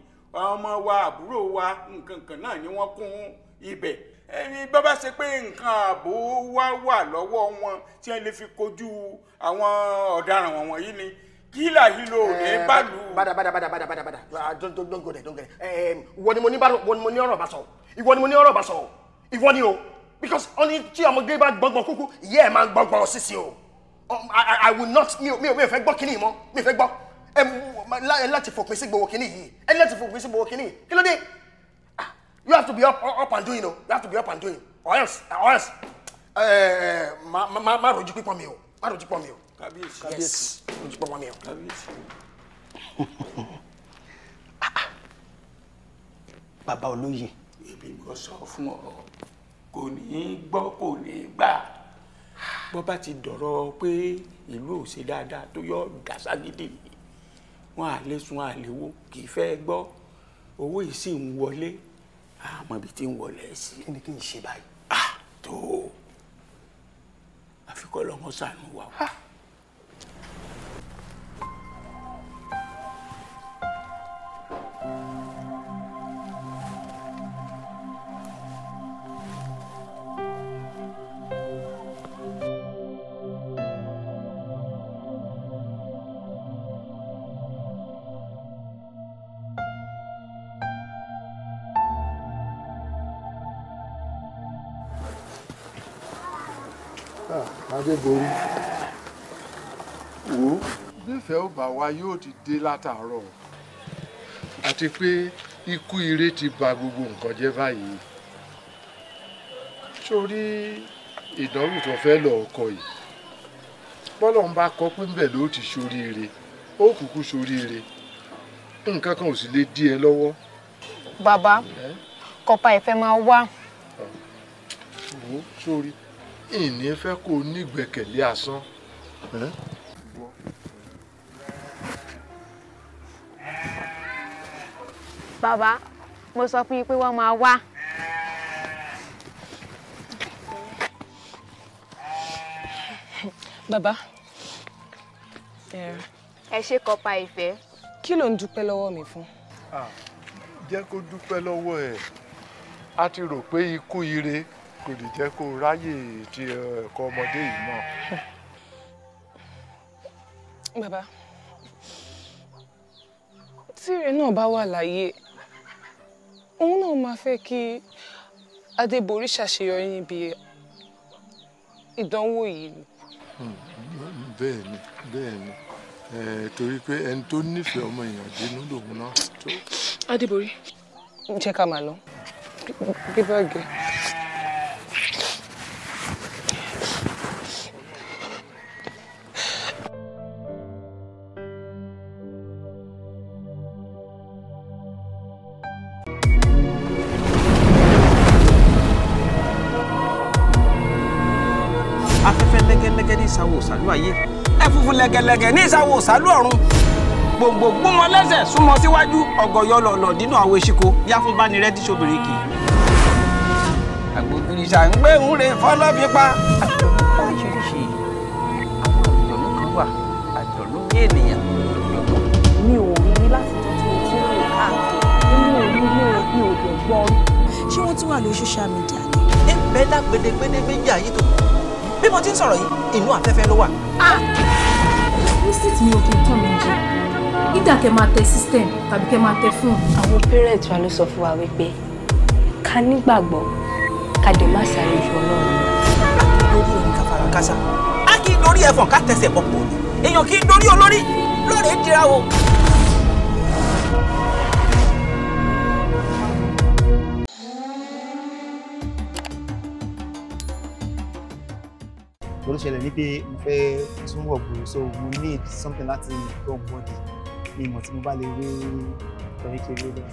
ọmọ wa àbúrò wa nǹkan kan náà ni wọ́n kún ibẹ̀ ẹni bábá ṣe pé nǹkan ààbò wá wà lọ́wọ́ wọn tí wọ́n lè fi kojú àwọn ọ̀daràn wọn wọ̀nyí ni kílà yìí ló ní eh, bàlù. bada bada bada bada bada ah, don't don't go there don't go there eh, ìwọ ni mo ní bàrọ ìwọ ni mo ní ọ̀rọ̀ bá sọ ìwọ ni mo ní ọ̀rọ̀ bá sọ ìwọ ni o because ọ tí ọmọ gbé bá gbọgbọ kúkú ìyá ẹ máa gbọgbọ sísè o. Um, I, I will not mi ò mi ò mi ò fẹ́ gbọ́ kíní mọ́ mi ò fẹ́ gbọ́ ẹ láti fòpin sí gbowó kíní yìí ẹ láti fòpin sí gbowó kíní yìí kí ló dé ah, you have to be up, up and doing o you have to be up and doing or else or else má má má rojú pípọ́n mi o má rojú pípọ́n mi o. kábíyèsí kábíyèsí rojú pípọ́n mi o. kábíyèsí. Ah, ah. bàbá olóye. èmi kò sọ fún ọ kò ní í gbọ́ kò ní í gbà bó bá ti dọ̀rọ̀ pé ìlú ò ṣe dáadáa tó yọ dàságídé mi wọn à lè sun àléwó kì í fẹ́ gbọ́ owó yìí sì ń wọlé àmọ́ ibi tí ń wọlé sí. kí ni kí n ṣe báyìí. ah tó àfikọ́ lọ́mọ sànù wa. adégorí wò ó bífẹ́ ò bá wa yóò ti dé látàárọ̀ àti pé ikú ire ti ba gbogbo nǹkan jẹ́ báyìí sórí ìdánwò tó fẹ́ lọ́ọ́ kọ yìí bọ́lọ̀ ń bá kọ pé ńbẹ̀ ló ti ṣoríire ó kúkú ṣoríire nǹkan kan ò sì lè dí ẹ lọ́wọ́. bàbá kọpa ìfẹ́ máa wá. wò ìní fẹ́ kó o ní ìgbẹ́kẹ̀lé asán. bàbá mo sọ fún yín pé wọ́n máa wá. bàbá ẹ ṣe kọpa ìfẹ́. kí ló ń dúpẹ́ lọ́wọ́ mi fún. jẹ́ kó dúpẹ́ lọ́wọ́ ẹ̀ a ti rò pé ikú ire kò lè jẹ́ kó ráyè ti ẹ̀kọ́ ọmọdé yìí mọ́. bàbá tíire náà bá wà láyé òun náà máa fẹ́ kí adébórí ṣàṣeyọrí níbi ìdánwò yìí ni. Hmm, bẹ́ẹ̀ ni bẹ́ẹ̀ ni torí pé ẹni tó nífẹ̀ẹ́ ọmọ èèyàn dínú lòun náà tó. adébórí jẹ́ ká máa lọ gbé báàgì. lẹ́gẹ̀lẹ́gẹ̀ ní ìsàwọ̀ òsàlù ọ̀run gbòǹgbò gbúmọ lẹ́sẹ̀ súnmọ́ síwájú ọ̀gọ̀yọ̀ lọ̀lọ̀ dínú àwọn eṣíko yá fún bá ní rẹ́dí ṣobìnrin kì í. àgbògbìnìṣà ń gbé ń re fọlọ́fipá. oríṣiríṣi àwọn àjọ̀lú kan wà àjọ̀lú bí ènìyàn lọ́jọ́. mi ò rí láti tọ́jú ojú rẹ̀ káàkiri nínú òru ní òbí òde gbọ́. ṣé wọ́n tún wà lórí social media ni. ẹ bẹ́ẹ̀ lágbèdégbèdé méjì àyè tó bí mo ti ń sọ̀rọ̀ yìí inú afẹ́fẹ́ ló wà. Ah! street me, ò kì í tàn jẹ nígbà kẹ máa tẹ system tàbí kẹ máa tẹ fóònù. àwọn parent wa ló sọ fún wa wípé ká nígbàgbọ́ ká dẹ̀ má sáré ju ọlọ́run lọ. lórí ẹni ká fara kásá a kì í dorí ẹfọn ká tẹsẹ̀ bọ̀ èèyàn kì í dorí olórí lóòrè dira o. nǹkan ṣẹlẹ̀ ní pé mo fẹ́ tún wọ̀ gbòòrò so we need something láti gbọ́n bọ́ọ̀dì ní ìmọ̀ tí mo bá lè rí ọ̀rẹ́ kiri lọ.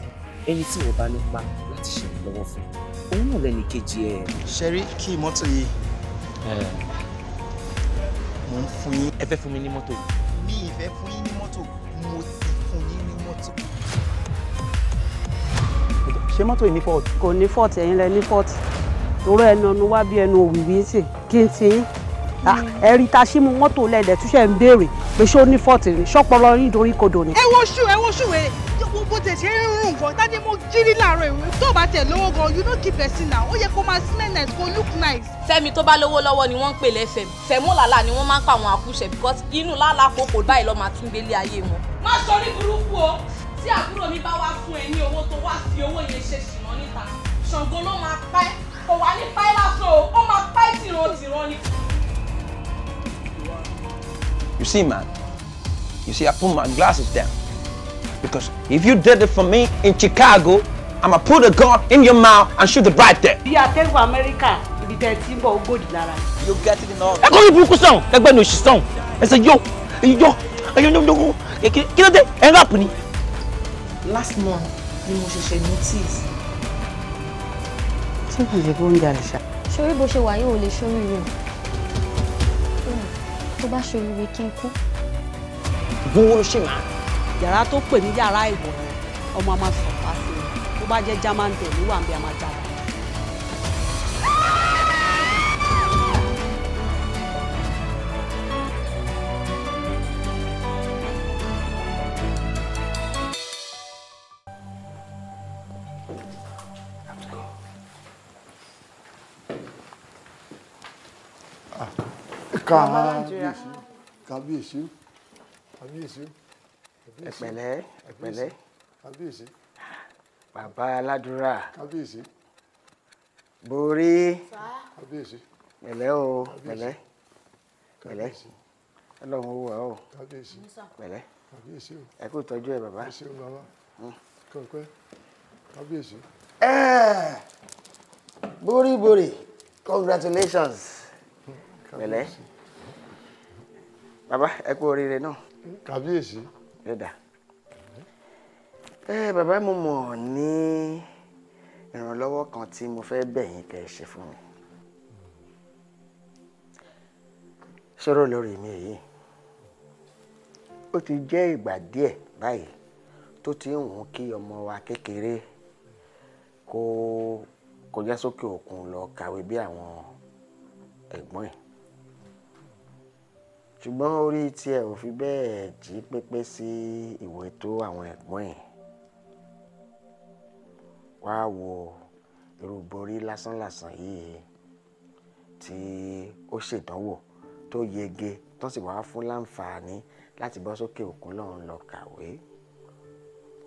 ẹni tí wọ́n bá nípa láti ṣe ìlọ́wọ́ fún òun náà lẹ́nu kejì ẹ̀. ṣẹ́rí kí mọ́tò yìí mo ń fún yín. ẹ fẹ́ fún mi ní mọ́tò yìí. mi ì fẹ́ fún yín ní mọ́tò mo ti fún yín ní mọ́tò. ṣé mọ́tò yìí ní fọ́ọ̀tì. kò ní fọ́ọ̀tì ẹ̀yin lẹ ní fọ́ọ̀tì torọ ẹnu ọnu wá bí ẹnu òwìwí sí kí n ti yín. Ah, ẹ̀rí ta sí mu mọ́tò lẹ́lẹ̀ tún ṣe ń béèrè pé ṣé ó ní fọ́ọ̀tì ni ṣọ́pọ̀lọ́ nítorí kodò ni. ẹ wo ṣù ẹ wo ṣù wẹ bó tẹ̀ ṣe ń rún nǹkan tá ní mo jírí láàárọ̀ ìwé tó bá tẹ̀ lówó gan you no keep person now ó yẹ kó máa smell nice kó look nice. fẹ́mi tó bá lówó lọ́wọ́ ni wọ́n ń pè lẹ́fẹ̀m fẹ̀mú làlà ni wọ́n máa ń pa àwọn àkúṣe because inú làlà kòkò báyìí lọ́ọ́ máa tún gbélé ayé wọn. má sọ ní burúkú o tí àbúrò mi bá wá fún ẹ ní owó tó wá fi owó yẹn ṣe ṣìnà níta ṣàngó ló máa pẹ́ kò wá ní pẹ́ lásán o ó máa pẹ́ tìrantìran ni. You see, man, you see, I put my glasses down. Because if you did it for me in Chicago, I'ma put a gun in your mouth and shoot it right there. Bí atẹ́gùn Amẹ́ríkà ibi tẹ̀ tí ń bọ̀ ogójì lára. You get it in all. Ẹ kọ́ mi burúkú sọ̀hún, ẹgbẹ́ ni òṣì sọ̀hún. Ẹ sẹ́ yọ, yọ, ẹyọ ní ọdún kí ló dé? Ẹ ń rap Last month ni mo ṣẹ̀ṣẹ̀ notice. Ṣé kò lè bó ń jalè ṣá? Ṣorí bó ṣe you yóò Show me rẹ̀ tó bá ṣe olùwé kí n kú. gbowó ló ṣe máa. yàrá tó pè ní yàrá ìwọ̀ yẹn ọmọ a máa sọ̀ pa sí i tó bá jẹ́ german bẹ̀ ló wà ń bẹ a kábíyèsí kábíyèsí. ẹ pẹ̀lẹ́ ẹ pẹ̀lẹ́. kábíyèsí. bàbá aládùúrà. kábíyèsí. borí. kábíyèsí. pẹ̀lẹ́ o pẹ̀lẹ́ pẹ̀lẹ́ Ọlọ́run ó wà o kábíyèsí pẹ̀lẹ́ kábíyèsí o ẹ kú tọ́jú ẹ bàbá. Hmm. kábíyèsí o bàbá kọ̀ọ̀kọ́ kábíyèsí. ẹẹ borí borí congratulations hmm. pẹ̀lẹ́. Kábíyèsí bàbá ẹ kú oríire náà. kàbíyèsí. ẹ dà ẹ bàbá mo mọ̀ ní ìrànlọ́wọ́ kan tí mo fẹ́ bẹ̀ yín kẹ́ ẹ ṣe fún mi. sọ̀rọ̀ lórí mi yìí ó ti jẹ́ ìgbà díẹ̀ báyìí tó ti ń wù kí ọmọ wa kékeré kó kọjá sókè òkun lọ kàwé bí àwọn ẹ̀gbọ́n ẹ̀ ṣùgbọ́n orí tiẹ̀ ò fi bẹ́ẹ̀ jí pépé sí ìwé tó àwọn ẹ̀gbọ́n ẹ̀ wá wo irú borí lásánlàsàn yìí tí ó ṣèdánwò tó yege tó sì wá fún láǹfààní láti bọ́ sókè òkun lọ́hùn lọ kàwé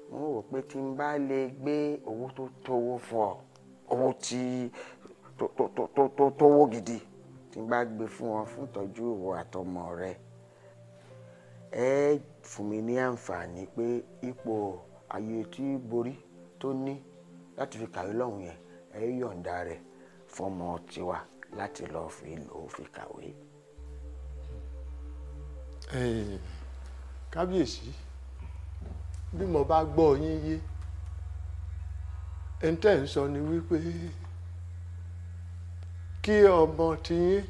mo rò pé tí n bá lè gbé owó tó tówó fún ọ owó tí tó tó tó tó tówó gidi tí n bá gbé fún wọn fún ìtọ́jú ìwọ àtọmọ rẹ ẹ fún mi ní àǹfààní pé ipò ayé tí borí tó ní láti fi kàwé lọ́hùn yẹn ẹ yọ̀ǹda rẹ̀ fọmọ tiwa láti lọ́ọ́ fi lò ó fi kàwé. kábíyèsí bí mo bá gbọ́ yín yé ẹni ń sọ ni wípé. Hey, kí ọmọ tiyín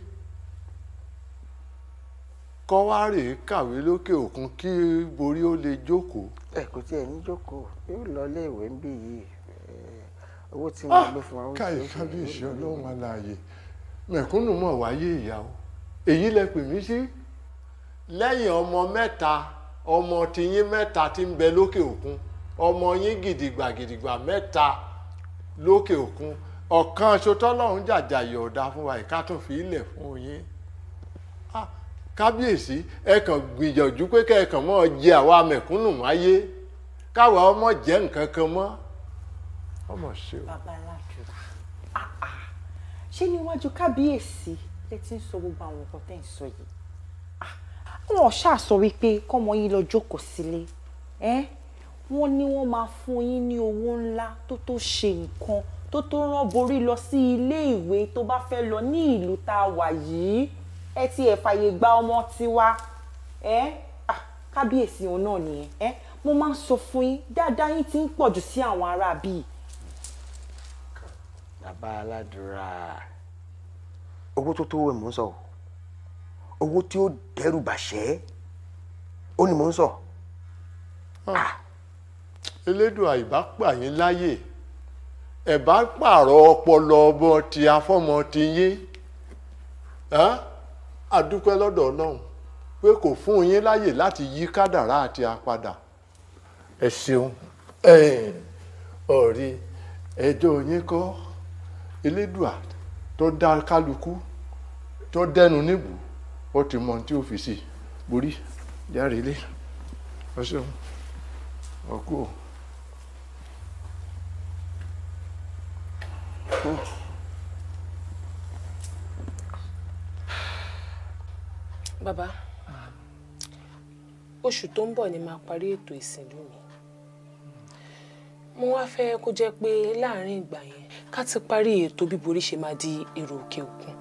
kọ́ wá rèé kàwé lókè òkun kí borí ó lè jókòó. ẹ kò tiẹ̀ ní jókòó yóò lọ iléèwé ń bí yìí owó tí wọn ah! ló fún wa. káyé kábíyèsí ọlọ́run aláàyè mẹ̀kúnnù mọ̀ wáyé ìyàwó èyí lẹ pè mí sí lẹ́yìn ọmọ mẹ́ta ọmọ tiyín mẹ́ta ti ń bẹ lókè òkun ọmọ yín gidigba gidigba mẹ́ta lókè òkun ọ̀kan ṣotọ́lọ́run jàjà yọ̀ọ̀dá fún wa ìka tún fi ilẹ̀ fún yín kábíyèsí ẹ kàn gbìyànjú pé kẹ́ ẹ kàn mọ́ jẹ àwa mẹ̀kúnnù máyé káwa ọmọ jẹ́ nǹkan kan mọ́ ọmọ ṣe o. babaláàjò ṣé níwájú kábíyèsí lẹ ti ń sọ gbogbo àwọn nǹkan tẹ́ ń sọ yìí wọn ṣáà sọ wípé kọ́mọ yín lọ jókòó sílé ẹ wọ́n ní wọ́n máa fún yín ní owó ńlá tó tó ṣe nǹkan tó tó rán borí lọ sí ilé ìwé tó bá fẹ́ lọ ní ìlú tá a wà yìí ẹ ti ẹ̀ fàyè gba ọmọ tiwa ẹ kábíyèsí òun náà nìyẹn ẹ mo máa ń sọ fún yín dáadáa yín ti ń pọ̀ jù sí àwọn ará bíi. bàbá aládùúrà owó tó tó wẹ̀ mò ń sọ owó tí ó dẹ́rù bàṣẹ́ ó ní mò ń sọ. Ah, elédùn àìbá pààyàn láyè ẹ bá pààrọ̀ ọpọlọ ọmọ ti afọ́mọ ti yín adúpẹ́ lọ́dọ̀ ọlọ́run pé kò fún yín láyè láti yí kádàrá àti apadà ẹ ṣeun ọ̀rí ẹjọ́ yín kọ́ elédùà tó dá kálukú tó dẹnu níbù ó ti mọ tí ó fi sí borí járe ilé ẹ ṣeun ọkú o. Baba, oṣù tó ń bọ̀ ni màá parí ètò ìsìnlú mi. Mo wá fẹ́ kó jẹ́ pé láàárín ìgbà yẹn ká ti parí ètò bí ṣe máa di èrò òkè òkun.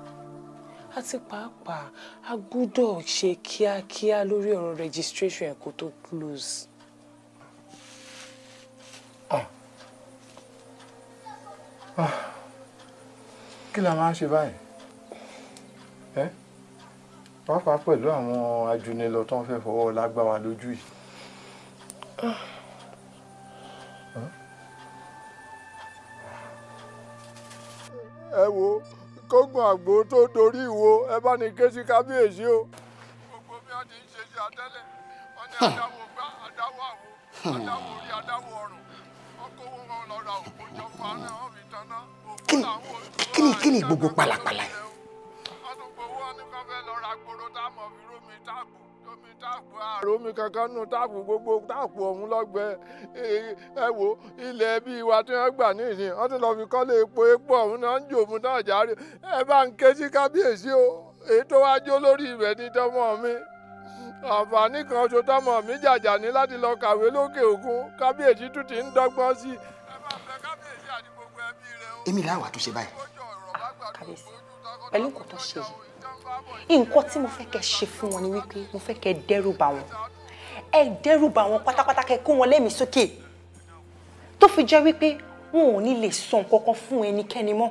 Àti pàápàá, a gbúdọ̀ ṣe kíákíá lórí ọ̀rọ̀ registration ẹ̀ tó close. Ah. Ah kí la máa ṣe báyìí ẹ pàápàá pẹ̀lú àwọn ajúnilọ tó ń fẹ́ fọwọ́ lágbá wa lójú yìí. ẹ wo kógun àgbo tó dorí ìwo ẹ bá ní ké sí kábíyèsí o. gbogbo bí a ti ń ṣe ṣe àtẹ́lẹ̀ ọ̀nà àdáwò gbá àdáwò àwo àdáwò orí àdáwò ọ̀run. kini kini gbogbo palapala e. àròmí kankan nù táàpù gbogbo táàpù ọ̀hún lọ́gbẹ̀ẹ́ ẹ ilẹ̀ bíi wa tí wọ́n gbà wọ́n ti lọ́ọ́ fi kọ́lé epo epo ọ̀hún náà ń jòmú náà járe ẹ bá ń ké sí kábíyèsí o èyí tó tọmọ èmi làwọn àtúnṣe báyìí. Ah, kábíyèsí pẹ̀lú nǹkan tó ṣe yìí nǹkan tí mo fẹ́ kẹ́ ṣe fún wọn ni wípé mo fẹ́ kẹ́ dẹ́rù bà wọn ẹ dẹ́rù bà wọn pátápátá kẹ́ kó wọn lẹ́mìí sókè tó fi jẹ́ wípé wọn ò ní lè sọ nǹkan kan fún ẹnikẹ́ni mọ́.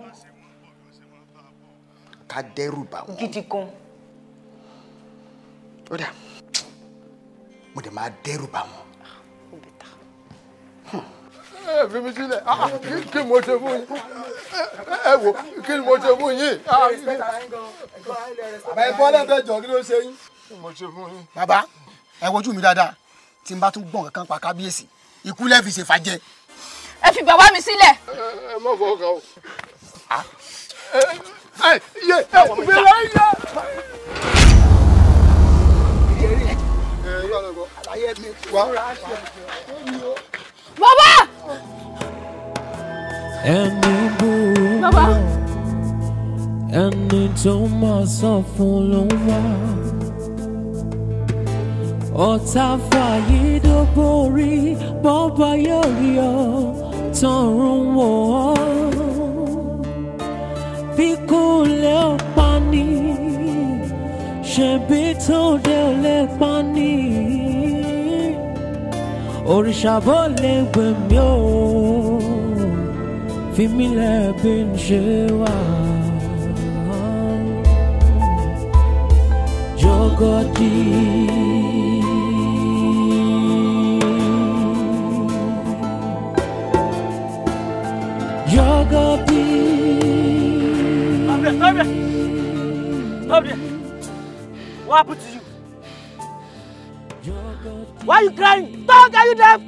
ká dẹ́rù wọn. gidi gan. ó dà mo dẹ̀ máa dẹ́rù wọn ẹ fi mi sílẹ̀ ah, ah, kí ni mo ṣe fún yín ah, ẹ wò kí ni mo ṣe fún yín. bàbá ẹ bọ́lẹ̀ bẹ́ẹ̀ jọ kí ló ṣe yín. kí ni mo ṣe fún yín. bàbá ẹ wojú mi dáadáa tí n bá tún gbọ̀n kankan pa kábíyèsí ikú lẹ́ fi ṣèfàjẹ. ẹ fi bàbá mi sílẹ̀. ẹ má fọ ọkà o. ẹ yé ẹ wọ mi ta. ẹ yọ ọ lọ gbọ. àlàyé mi wá bàbá. ẹni ẹni tó máa sọ fún ló ń wá ọ̀tá fàyídógbò rí bọ́bá yóò rí ọ tọrùn wò ó bí kò lè pa ni ṣebí tó dé lè pa ni. Orisha bó lè fimile mí o fi jogoti. Jogoti. Abre, abre. Abre. What happened Why are you crying? Talk, are you deaf?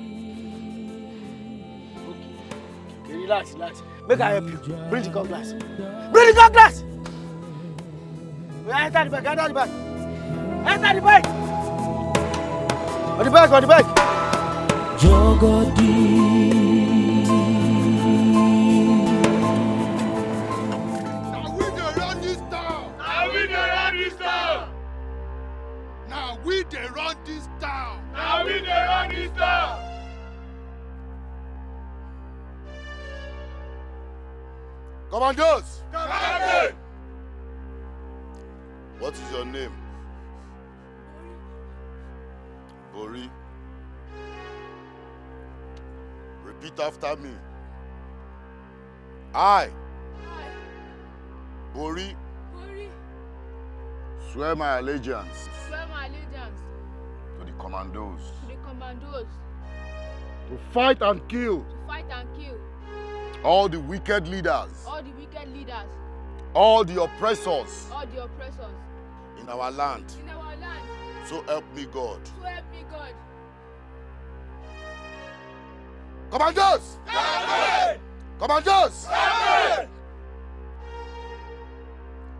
Okay, relax, relax. Make I help you. Bring the cup glass. Bring the cup glass! Enter the bag, enter the bag. Enter the bag! On the bag, on the bag! Jogodi. we dey run Commandos! Captain! What is your name? Bori. Repeat after me. I. I. Bori. Bori. Swear my allegiance. Swear my allegiance the commandos. The commandos. To fight and kill. To fight and kill. All the wicked leaders. All the wicked leaders. All the oppressors. All the oppressors. In our land. In our land. So help me God. So help me God. Commandos! Amen! Commandos! Amen!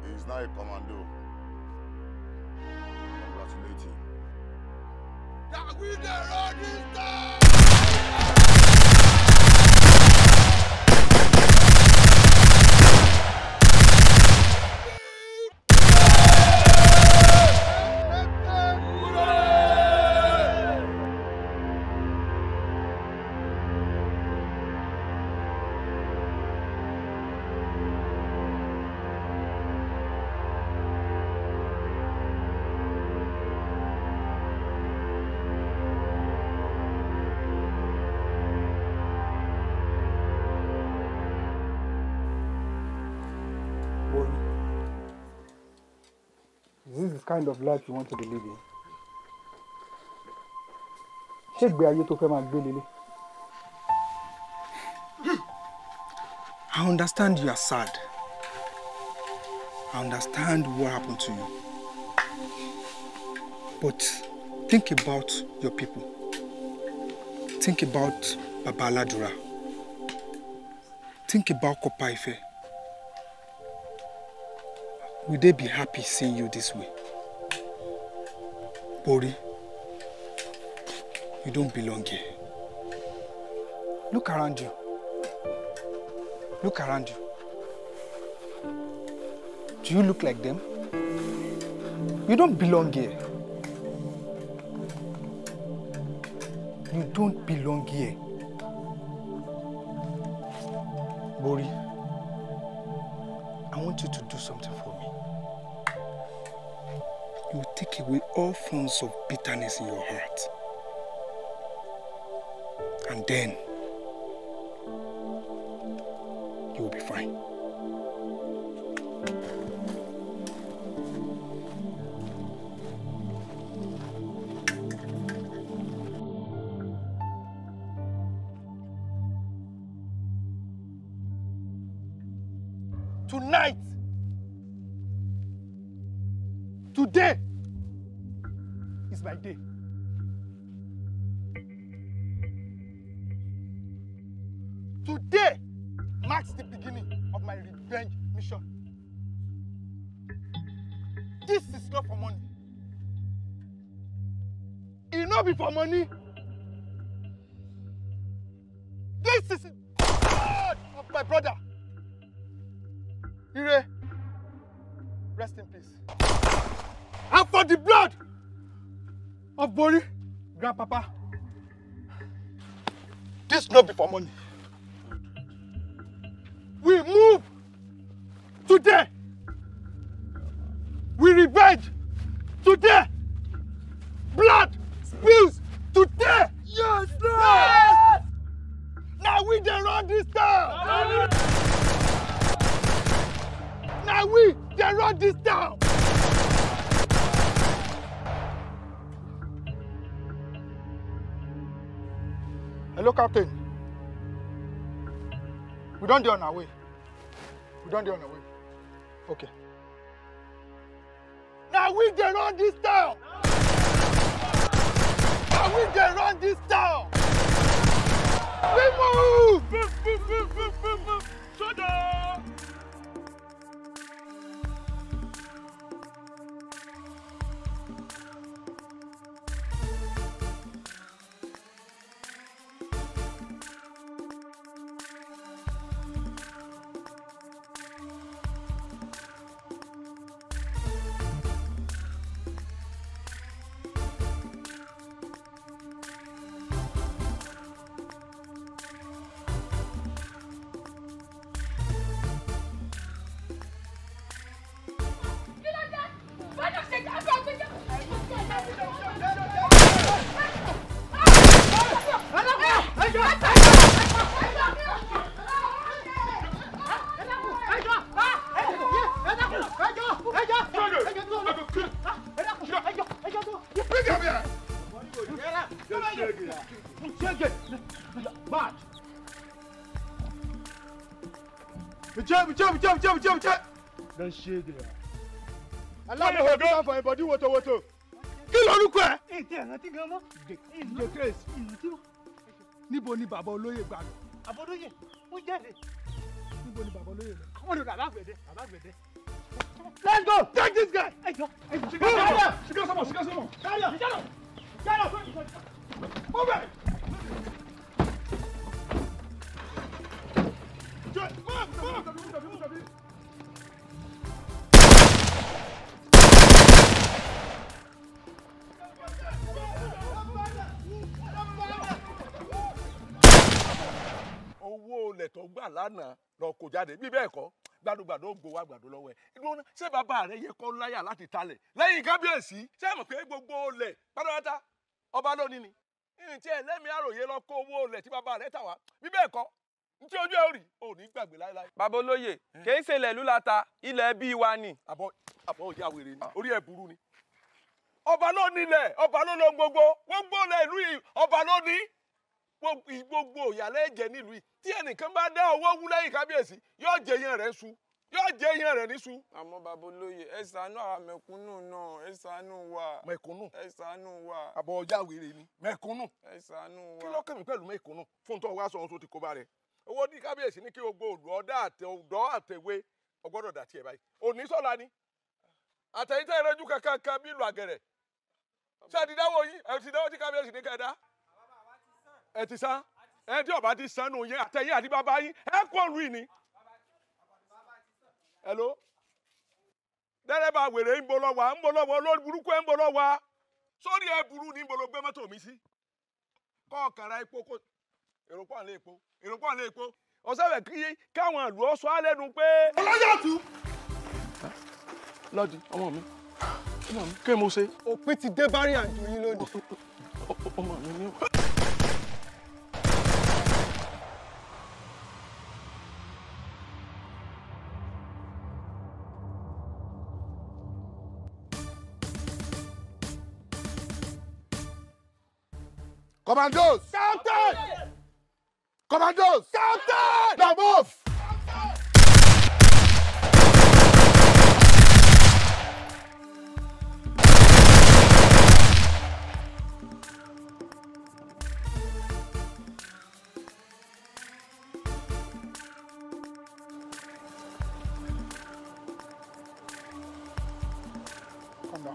He is now a commando. that we dey run this town. kind of life you want to be living ṣé ìgbé ayé tó fẹ́ máa gbé lélẹ̀. Hmm. I understand you are sad. I understand what happened to you. But think about your people. Think about Baba Aladura. Think about Kopaife. Will they be happy seeing you this way? Bori, you don't belong here. Look around you. Look around you. Do you look like them? You don't belong here. You don't belong here. Bori, I want you to do something for me. you will take away all forms of bitterness in your heart. And then, you will be fine. jump, jump, jump, jump. Don shege ya. Allow me to put for your body, Kí lorúkọ ẹ? Ẹ ti gan mọ́. The case. Níbo ni bàbá olóyè gbà lọ? Àbọ̀dóyè, ó jáde. Níbo ni bàbá olóyè lọ? Wọ́n lò bàbá àgbẹ̀dẹ, bàbá àgbẹ̀dẹ. Let's go! Take this guy! Ẹ jọ, ẹ jọ. Ṣìkà sọ́mọ̀, ṣìkà sọ́mọ̀, ṣìkà sọ́mọ̀. Ṣìkà sọ́mọ̀, ṣìkà sọ́mọ̀. Move it! owó olè tó gbà lánàá lọ kó jáde bí bẹ́ẹ̀ kọ́ gbàdúgbàdú ó gbowó àgbàdo lọ́wọ́ ẹ̀ ìgbóná ṣé bàbá rẹ yẹ kọ́ láyà láti talẹ̀ lẹ́yìn kábíyèsí ṣé pé gbogbo olè pátápátá ọba lónìí ni ǹjẹ́ ẹlẹ́mìí àròyé lọ kó owó olè tí bàbá rẹ tà wá bí bẹ́ẹ̀ kọ́ ntí ojú ẹ rí o ní gbàgbé láéláé. bàbá olóye kì í ṣe ilẹ̀ ìlú lata ilẹ̀ bíi wa ni. àbọ̀ àbọ̀ òjá wèrè ni ah. orí ẹ̀ burú ni. ọba ló nílẹ̀ ọba ló lọ gbogbo gbogbo ilẹ̀ ìlú yìí ọba ló ní gbogbo ìyàlẹ́ ẹ̀jẹ̀ nílùú yìí tí ẹnìkan bá dá owó wú lẹ́yìn kábíyèsí yóò jẹ yẹn rẹ̀ su yóò jẹ yẹn rẹ̀ níṣu. àmọ́ bàbá olóye ẹ ṣàánú àwa mẹ̀kúnnù náà ẹ ṣàánú wa. mẹ̀kúnnù ẹ ṣàánú wa. àbọ̀ ọjà wèrè ni mẹ̀kúnnù. ẹ ṣàánú wa. kí ló kẹ́mi pẹ̀lú mẹ̀kúnnù fún tó wá sọ ohun tó ti kó bá rẹ̀. owó ní kábíyèsí ní kí gbogbo òdò àtẹ òdò àtẹwé dàtí ẹ báyìí òní ni àtẹyìntẹ ìrẹjú kankan kan bí ìlú àgẹrẹ ṣé ẹ ti dáwọ yín ẹ ti dáwọ tí kábíyèsí ní kẹdá ẹ ti ẹ ọba ti san nù yẹn àtẹyìn àti bàbá yín ẹ kọ lù wèrè ń ń èrò pọ̀ nílé epo èrò pọ̀ nílé epo ọ̀sẹ̀fẹ̀ kí káwọn ìlú ọ̀ṣọ́ á lẹ́nu pé. ọlọ́yàtú. lọ́dí ọmọ mi ọmọ mi kí mo ṣe. òpin ti dé bárí àjò yín lónìí. ọmọ mi ni. Commandos! Captain! Commandos! Captain! Now move!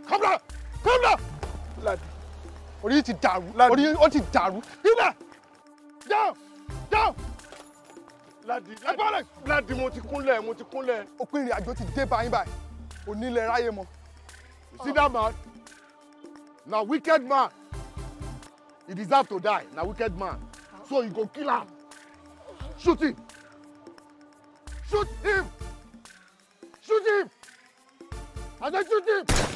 Come down! Come down! Ladi, orí ti dàrú. Ladi, orí ó ti dàrú. Ilẹ̀! Down! ládi ládi ládi mo ti kúnlẹ̀ mo ti kúnlẹ̀. òpin ìrìn àjò ti dé báyìí báyìí onílẹ̀ ráyè mọ́. you see that man na wicked man he deserve to die na wicked man so you go kill am shoot him shoot him shoot him i say shoot him.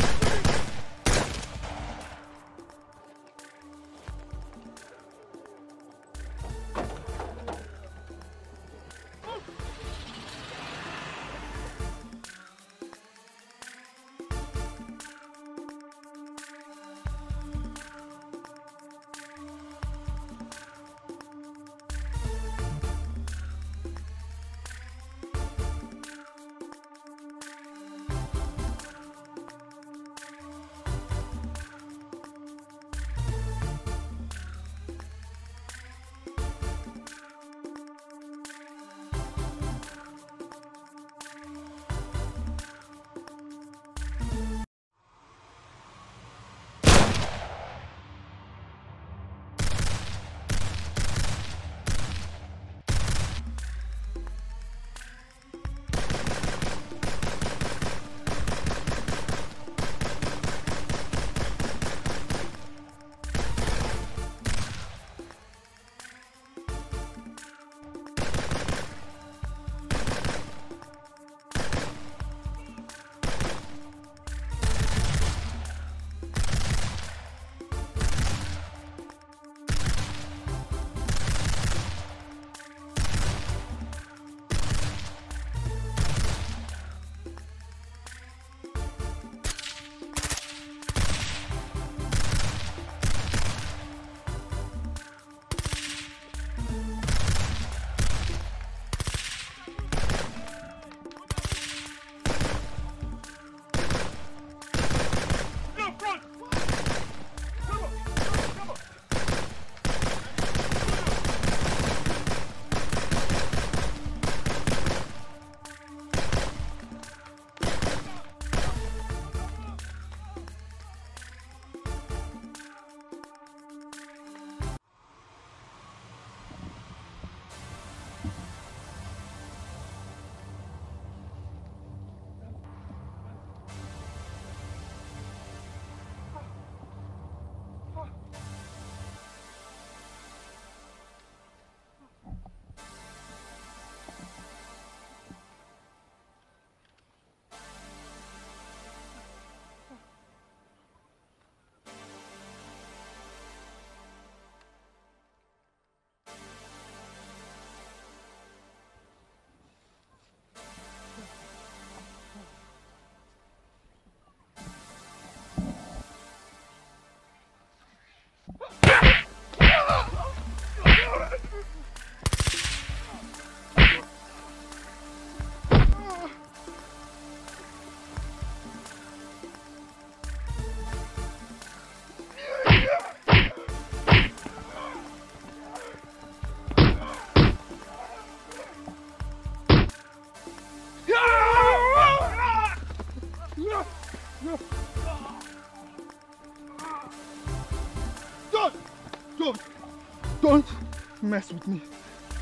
mess with me.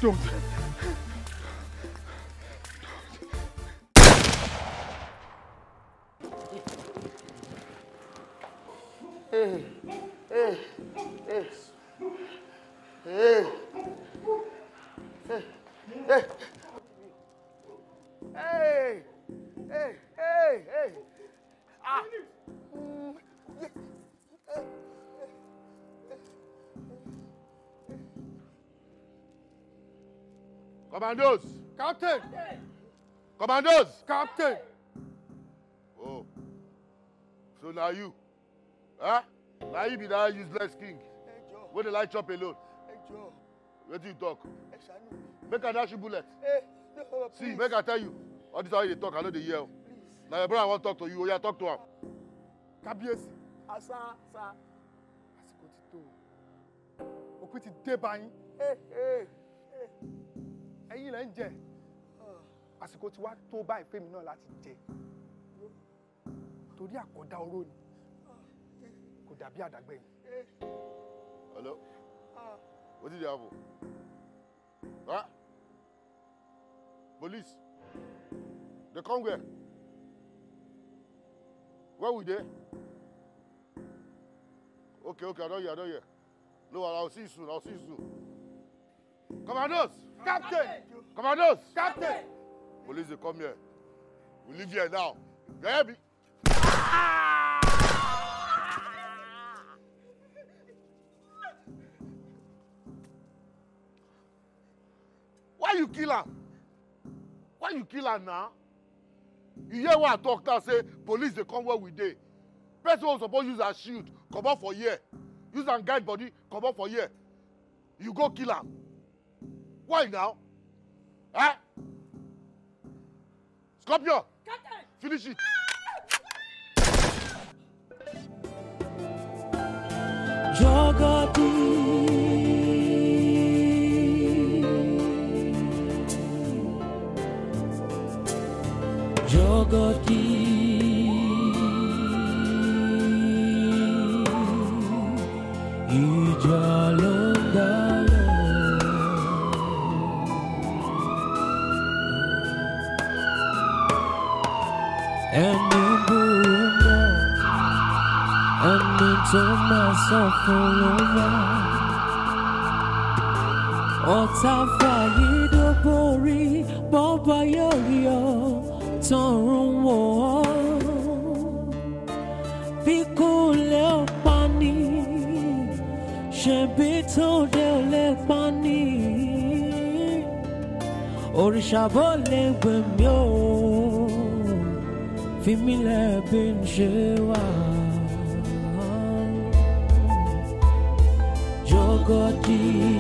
Don't. Commandos. Captain. Commandos. Captain. Oh. So now you. Huh? Now you be that useless king. Where the light chop alone. Where do you talk? Make a dash you bullet. See, make I tell you. All this how you talk, I no dey hear. Now your brother wan talk to you, oya oh, talk to him. Kábíyèsí, asa, ṣá, àsìkò ti tó o. Òpin ti ẹ̀yin lẹ́ ń jẹ àsìkò tí wàá tó báyìí fèmí náà láti jẹ torí àkọ́dá oró ni kò dàbí àdàgbẹ̀yìn. hello ó ti di ààbò police dey come where where we dey okay okay i don hear i don hear no wahala i will see you soon i will see you soon commandos. Captain! Commandos! Captain! Police, they come here. We leave here now. You hear me? Why you kill her? Why you kill her now? You hear what I talk now, say police they come where we dey. Person wey suppose use her shield comot for here. Use am guide body come comot for here. You go kill her. Why now? Eh? Scorpio! Captain! Finish it! Jogati. Jogati. myself all over. Ọ̀tá fàyè dóborí bọ́bá yóò rí ọ tọrùn wọ̀ ọ́. Bí kò lè pa ni, ṣebí tó dé ò pa ni. Òrìṣà bó lè gbẹ̀mí o, fi mí lẹ̀ bí ṣe wà. forgotten.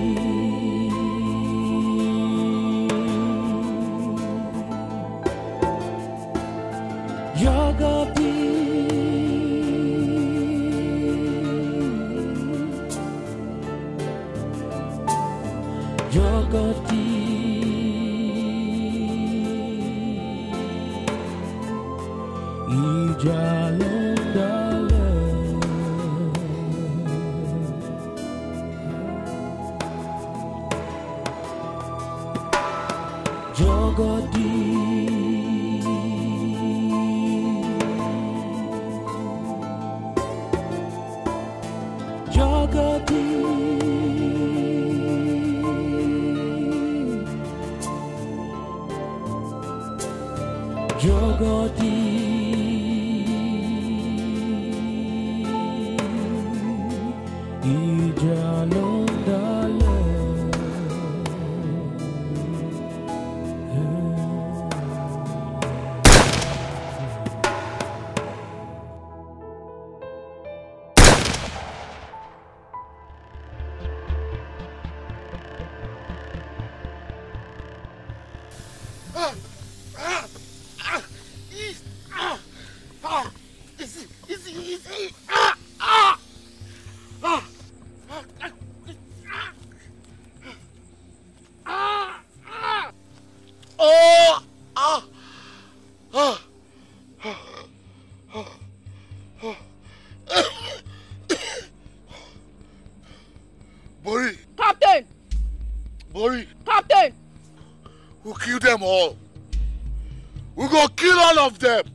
of them.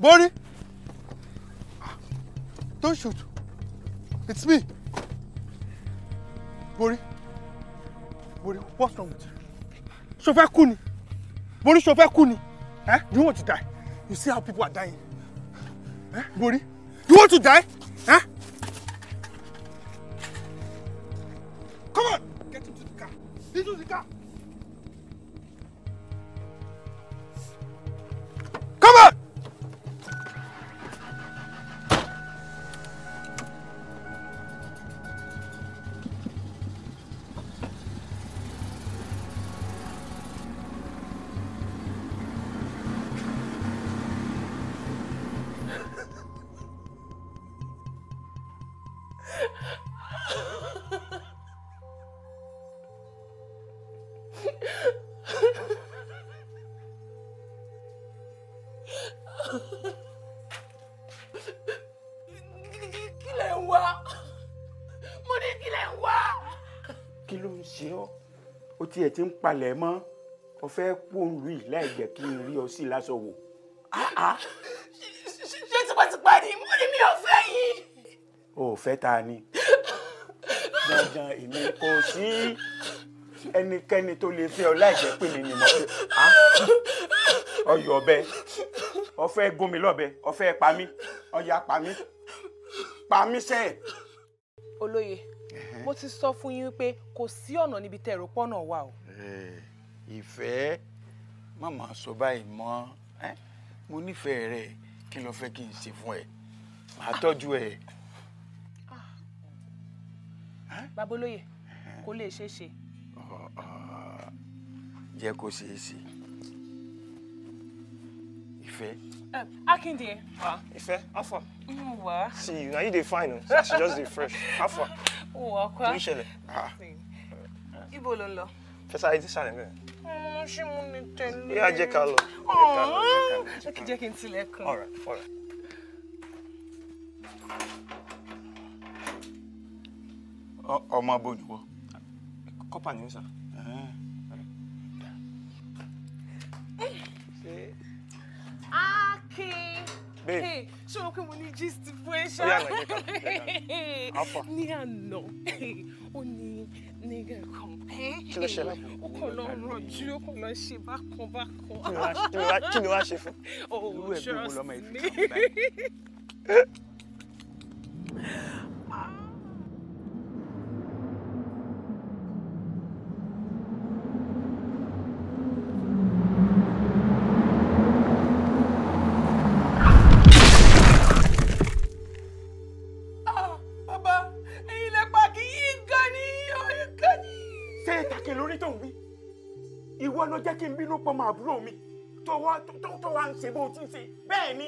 Bori! Don't shoot. It's me. Bori. Bori, what's wrong with you? Ṣó kuni, Bori, ṣó kuni. kú Eh? Do you want to die? You see how people are dying? Eh? Bori, do you want to die? tiẹ̀ ti ń palẹ̀ mọ́ ọ fẹ́ pòǹlù yìí láì jẹ́ kí n rí ọ sí lásọ wò. ṣé tipátipá ni mo ní mi ò fẹ́ yìí. o ò fẹ́ ta ni dandan èmi kò sí ẹnikẹ́ni tó lè fẹ́ ọ láì jẹ́ pé mi ni mo fẹ́ ọyọ ọbẹ ọfẹ gún mi lọ́bẹ ọfẹ pa mí ọyà pa mí pa mí sẹ́ẹ̀. olóye mo ti sọ fún yín pé kò sí ọ̀nà níbi tẹ́ ẹ̀rọ pọ́nà wà o. ìfẹ́ má máa sọ báyìí mọ́ mo nífẹ̀ẹ́ rẹ kí n lọ fẹ́ kí n ṣe fún ẹ màá tọ́jú ẹ. Ah. babolóye kò lè ṣeé ṣe. jẹ́ kó ṣeé ṣe ìfẹ́. akinde. ah ìfẹ́ afa. Mm, wà. see you na you dey fine o she just dey fresh afa o wà ọkọ kí n ṣẹlẹ̀ ah. ibo ló ń lọ. fẹsẹ̀ ayé ti sàlẹ̀ bẹ́ẹ̀. ṣé mo ní tẹ́lẹ̀. yóò jẹ́ ká lọ. jẹ́ kí n tilẹ̀kùn. all right, all right. ọmọ abo ni wọ. kọ́pà ni sà. Akin. Babe. Hey ṣé wọn pé mo ní gist fún ẹ ṣá ní àná ó ní nígbà kan ó kàn lọ rọjú ó kàn lọ ṣe bákan bákan. kí ni wàá ṣe fún. ó ṣọ́ọ̀ṣì mi. pọ́nmọ́ àbúrò mi tó wá ń ṣe bó ti ń ṣe bẹ́ẹ̀ ni.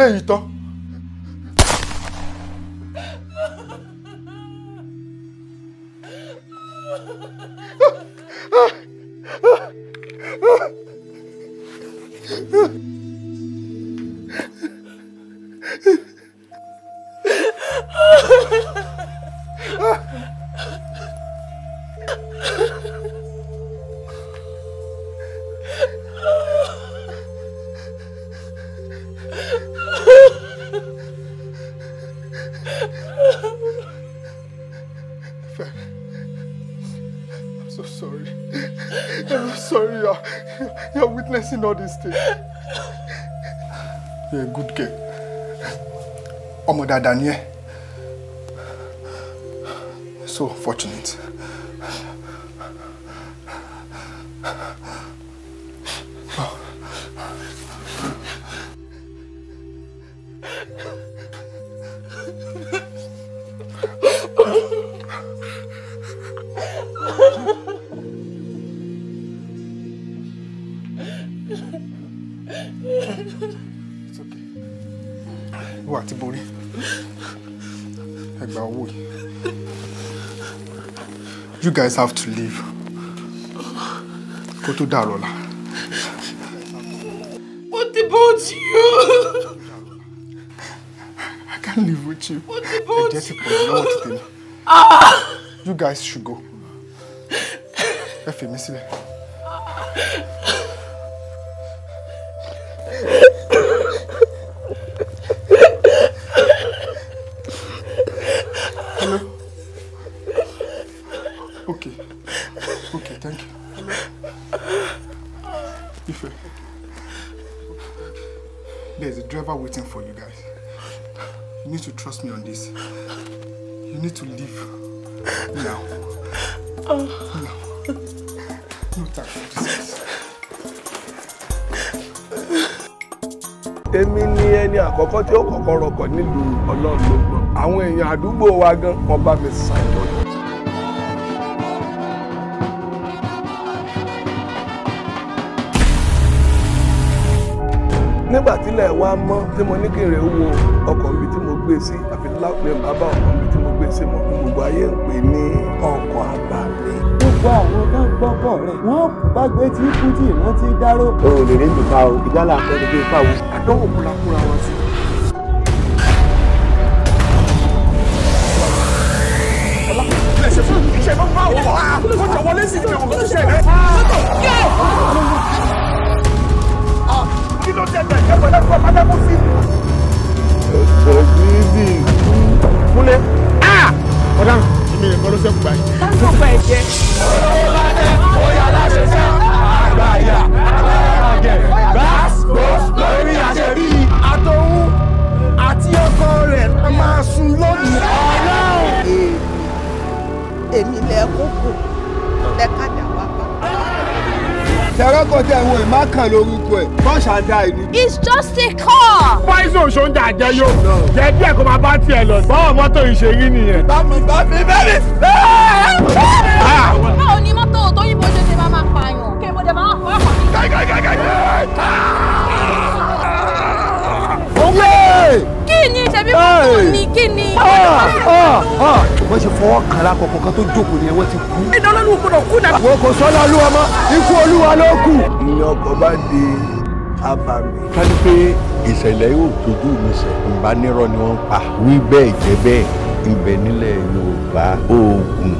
eléyìí tán mixing all these things. You're a good girl. Ọmọ dáadáa ni So fortunate. guys have to leave. Go to Darola. What about you? I can't live with you. What about you? Ẹ̀jẹ̀ ti pọ̀ ah! You guys should go. Ẹ me sílẹ̀. àkọ́kọ́ tí ó kọ́kọ́ rọkọ̀ nílùú ọlọ́ọ̀lọ́gbọ̀n àwọn èèyàn àdúgbò wa gan wọ́n bá mi ṣàìlọ́yọ̀. nígbà tílẹ̀ wá mọ́ tí mo ní kèrè wo ọkọ̀ mi tí mo gbé e sí àfi lápẹ̀ bàbá ọkọ̀ mi tí mo gbé e sí mọ́ gbogbo ayé ń pè ní ọkọ̀ àgbàlẹ̀. gbogbo àwọn tó ń gbọ́kọ̀ rẹ̀ wọ́n bá gbé tí kú tí dáró. o ò lè rí ìdùkà o ìdálà àpẹẹrẹ bíi fáwọn. àdánwò kúrakúra wọn. ṣẹlẹ̀. sọ́tọ̀ yẹ. kí ló ṣẹlẹ̀ ẹ pẹ̀lẹ́ fún ọ̀pá dẹ́kun sí. ẹ̀fọ́ gidi kúnlẹ̀. ọ̀dà mi rẹ̀ kọ́ ló ṣẹ́kù báyìí. táwọn ọgbà ẹ̀ jẹ́. ọ̀rọ̀ bá dẹ̀ bóyá láti ṣe àgbàyà àgbàyàgẹ̀ gbàgbọ́ lórí àṣẹbí àtọ̀hún àti ọkọ rẹ̀ máa sun lónìí. ọlọ́run èmi lẹ́kọ̀ọ́ lẹ́ka tẹ̀rọ́kọ̀ tẹ̀ wo ìmá kan lórúkọ ẹ̀ bọ́ọ̀ṣà da ìlú. it's just a car. poison ṣó ń dàjẹ́ yó jẹ́ díẹ̀ kó máa bá tiẹ̀ lọ báwọn mọ́tò yìí ṣe rí nìyẹn. bámi bámi bẹ́ẹ̀ni. báwo ni mọ́tò tó yìnbọn ṣe ṣe máa máa pààyàn kí mo dẹ̀ máa fọ́ àkọ́kí. kí ni ṣebí fóònù mi kí ni. wọ́n ṣe fọwọ́ kan lákọ̀ọ́kọ́ kan tó jókòó ni wọ́n ti kú. iná olólùwò gbọ́dọ̀ kú náà. wọ́n kò sọ́lá olúwa mọ́ ikú olúwa ló kù. ni ọkọ̀ bá di abàmì. ká ní pé ìṣẹ̀lẹ̀ yóò tójú mi sẹ̀. ìbánirọ̀ ni wọ́n pa. wí bẹ́ẹ̀ jẹ́ bẹ́ẹ̀ ibẹ̀ nílẹ̀ Yorùbá oògùn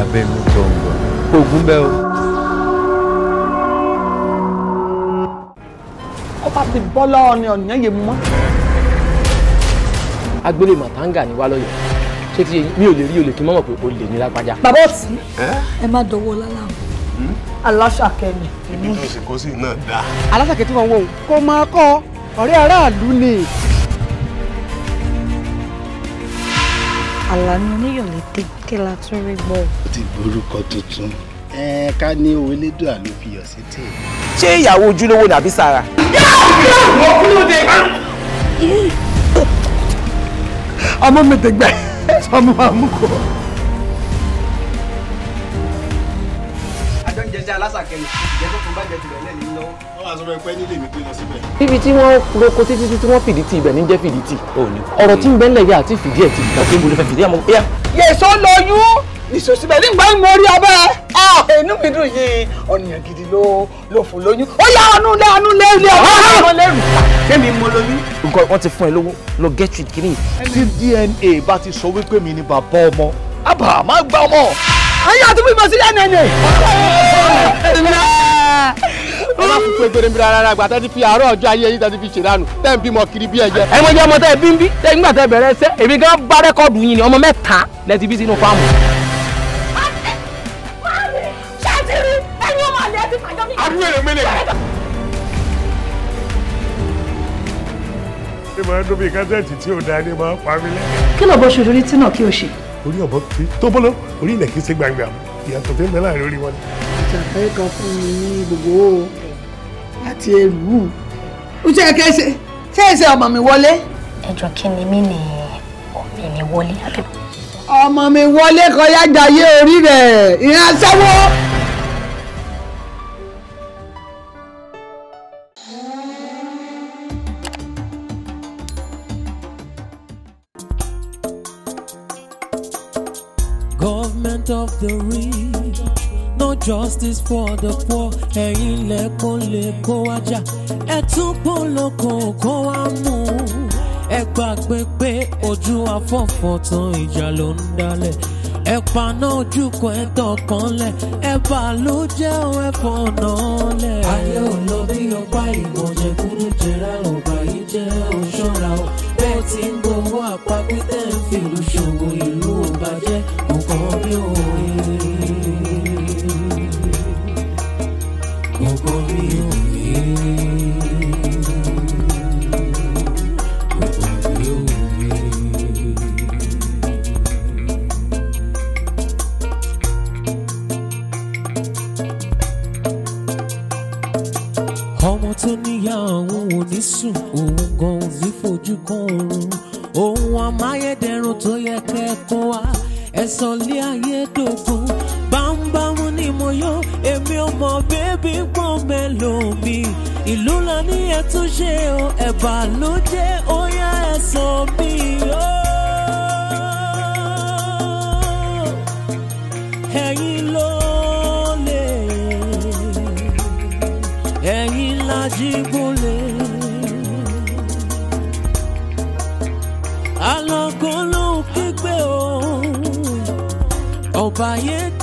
abẹ́nú gbọ̀ngàn oògùn bẹ́ẹ̀ o. ọba ti bọ́lá ọ ni ọ̀nìyàn yé mọ́ agbélé màtáńgà ni wá lọ́yọ̀ ṣé ti mi ò lè rí olè kí n mọ̀ pé olè ní lágbájá. bàbá ọtí ẹ má dọwọ́ lálàmù aláṣàkẹ́ ni. ibi tó ṣe kó sí náà dáa. aláṣàkẹ́ tí wọ́n wọ̀ kó máa kọ́ ọ̀rẹ́ aráàlú ni. àlànà oníyọ̀lẹ̀ dé kí la tún rí gbọ́. ó ti gborúkọ tuntun ká ní owó elédùn àló fi yọ̀ sí tè. ṣé ìyàwó ojúlówó nàbí sara. yóò yóò wọ́n kúrò dé ọmọ mi ti gbẹ ọmọ àmúkọ. àjọ ń jẹjẹ alásàkẹyìn ìjẹ́ tó kún bá jẹ tìrẹ̀ lẹ́yìn lọ́wọ́. wọ́n wá sọ pé pẹ́ nílé mi pé lọ síbẹ̀. níbi tí wọ́n roko títí tí wọ́n fìdí tì ibẹ̀ ní jẹ́ fìdí tì. ọ̀rọ̀ tí ń bẹ́ńlẹ̀ yà àti fìdí ẹ̀ ti gbà pé mo lè fẹ́ fìdí àmọ́ bóyá. yèso lóyún ìsòsíbẹ̀ nígbà ń mọ orí abẹ́ ẹ̀ inú mi dùn yìí ọ̀nìyàn gidi ló fò lóyún ó yá ọ̀nù lé ọ̀nù lé ilé ọ̀nù lé ọ̀nù lé rù kémi mo lóyún. nǹkan wọn ti fún ẹ lówó lọ get treat kìíní. tí DNA bá ti sọ wípé mi ni bàbá ọmọ àbà má gbà ọmọ. ayé àti bí mo sí dna. ẹ má fún pépéré mi rárá àgbà tẹ́ ti fi àárọ̀ ọjọ́ ayé yín tẹ́ ti fi ṣèdánù tẹ́ ń bímọ kiri bí ẹ̀jẹ̀. ẹ mọ jẹ́ ọmọ tẹ́ ẹ bí ń bí tẹ́ nígbà tẹ́ bẹ̀rẹ̀ ṣẹ́ èmi gan bá rẹ́kọ̀dù yín ni ọmọ mẹ́ta lẹ ti bí sínú fáàmù. àwọn èrè mélòó. ṣe máa dún bíi kásẹ̀tì tí ò dáa ní máa pa mí lẹ́yìn. kí lọ́bọ̀ ṣoṣo ní tí náà kí o ṣe. orí ọ̀bọ ti tó bọ́lọ́ orí ilẹ̀ kì í ṣe gbangba ìyàtọ̀ tó ń bẹ láàrin orí wọn. ìjàpẹ́ kan fún mi ní gbogbo láti ẹrù. ojú ẹ̀ kẹ́ ṣe ṣé ẹ ṣe ọmọ mi wọlé. ẹjọ kí ni mí ni ọmọ mi wọlé. ọmọ mi wọlé kọjá jayé orí rẹ̀ ìrìn àṣẹwó. victory. No justice for the poor. Ẹ̀yin lẹ kó lè kó wá jà. Ẹ tún pòlòkò kó wá mú. Ẹ gbàgbé pé ojú afọ́fọ́ tán ìjà ló ń dálẹ̀. Ẹ paná ojú kan ẹ tọkàn lẹ̀. Ẹ bà ló jẹ́ o ẹ fọ̀nà lẹ̀. Ayé ò lọ bí ọpá ìmọ̀jẹ̀ kúrú jẹ́ra ọ̀bà yìí jẹ́ òṣọ́ra o. Bẹ́ẹ̀ ti ń gbowó àpagbé tẹ́ ń fìlú ṣòwò ìlú ò bàjẹ́. Oh, my, níyàwó ò ní sùn òun gan ò ẹ̀sán lé ayé dògún bámúbámú ni mo yó èmi ò mọ bébí pọ́n mélòó mi ìlú la ní ẹ̀túnṣe o ẹ̀bà ló jẹ́ ó yá mi o. ẹ̀yin ló lè ẹ̀yin by it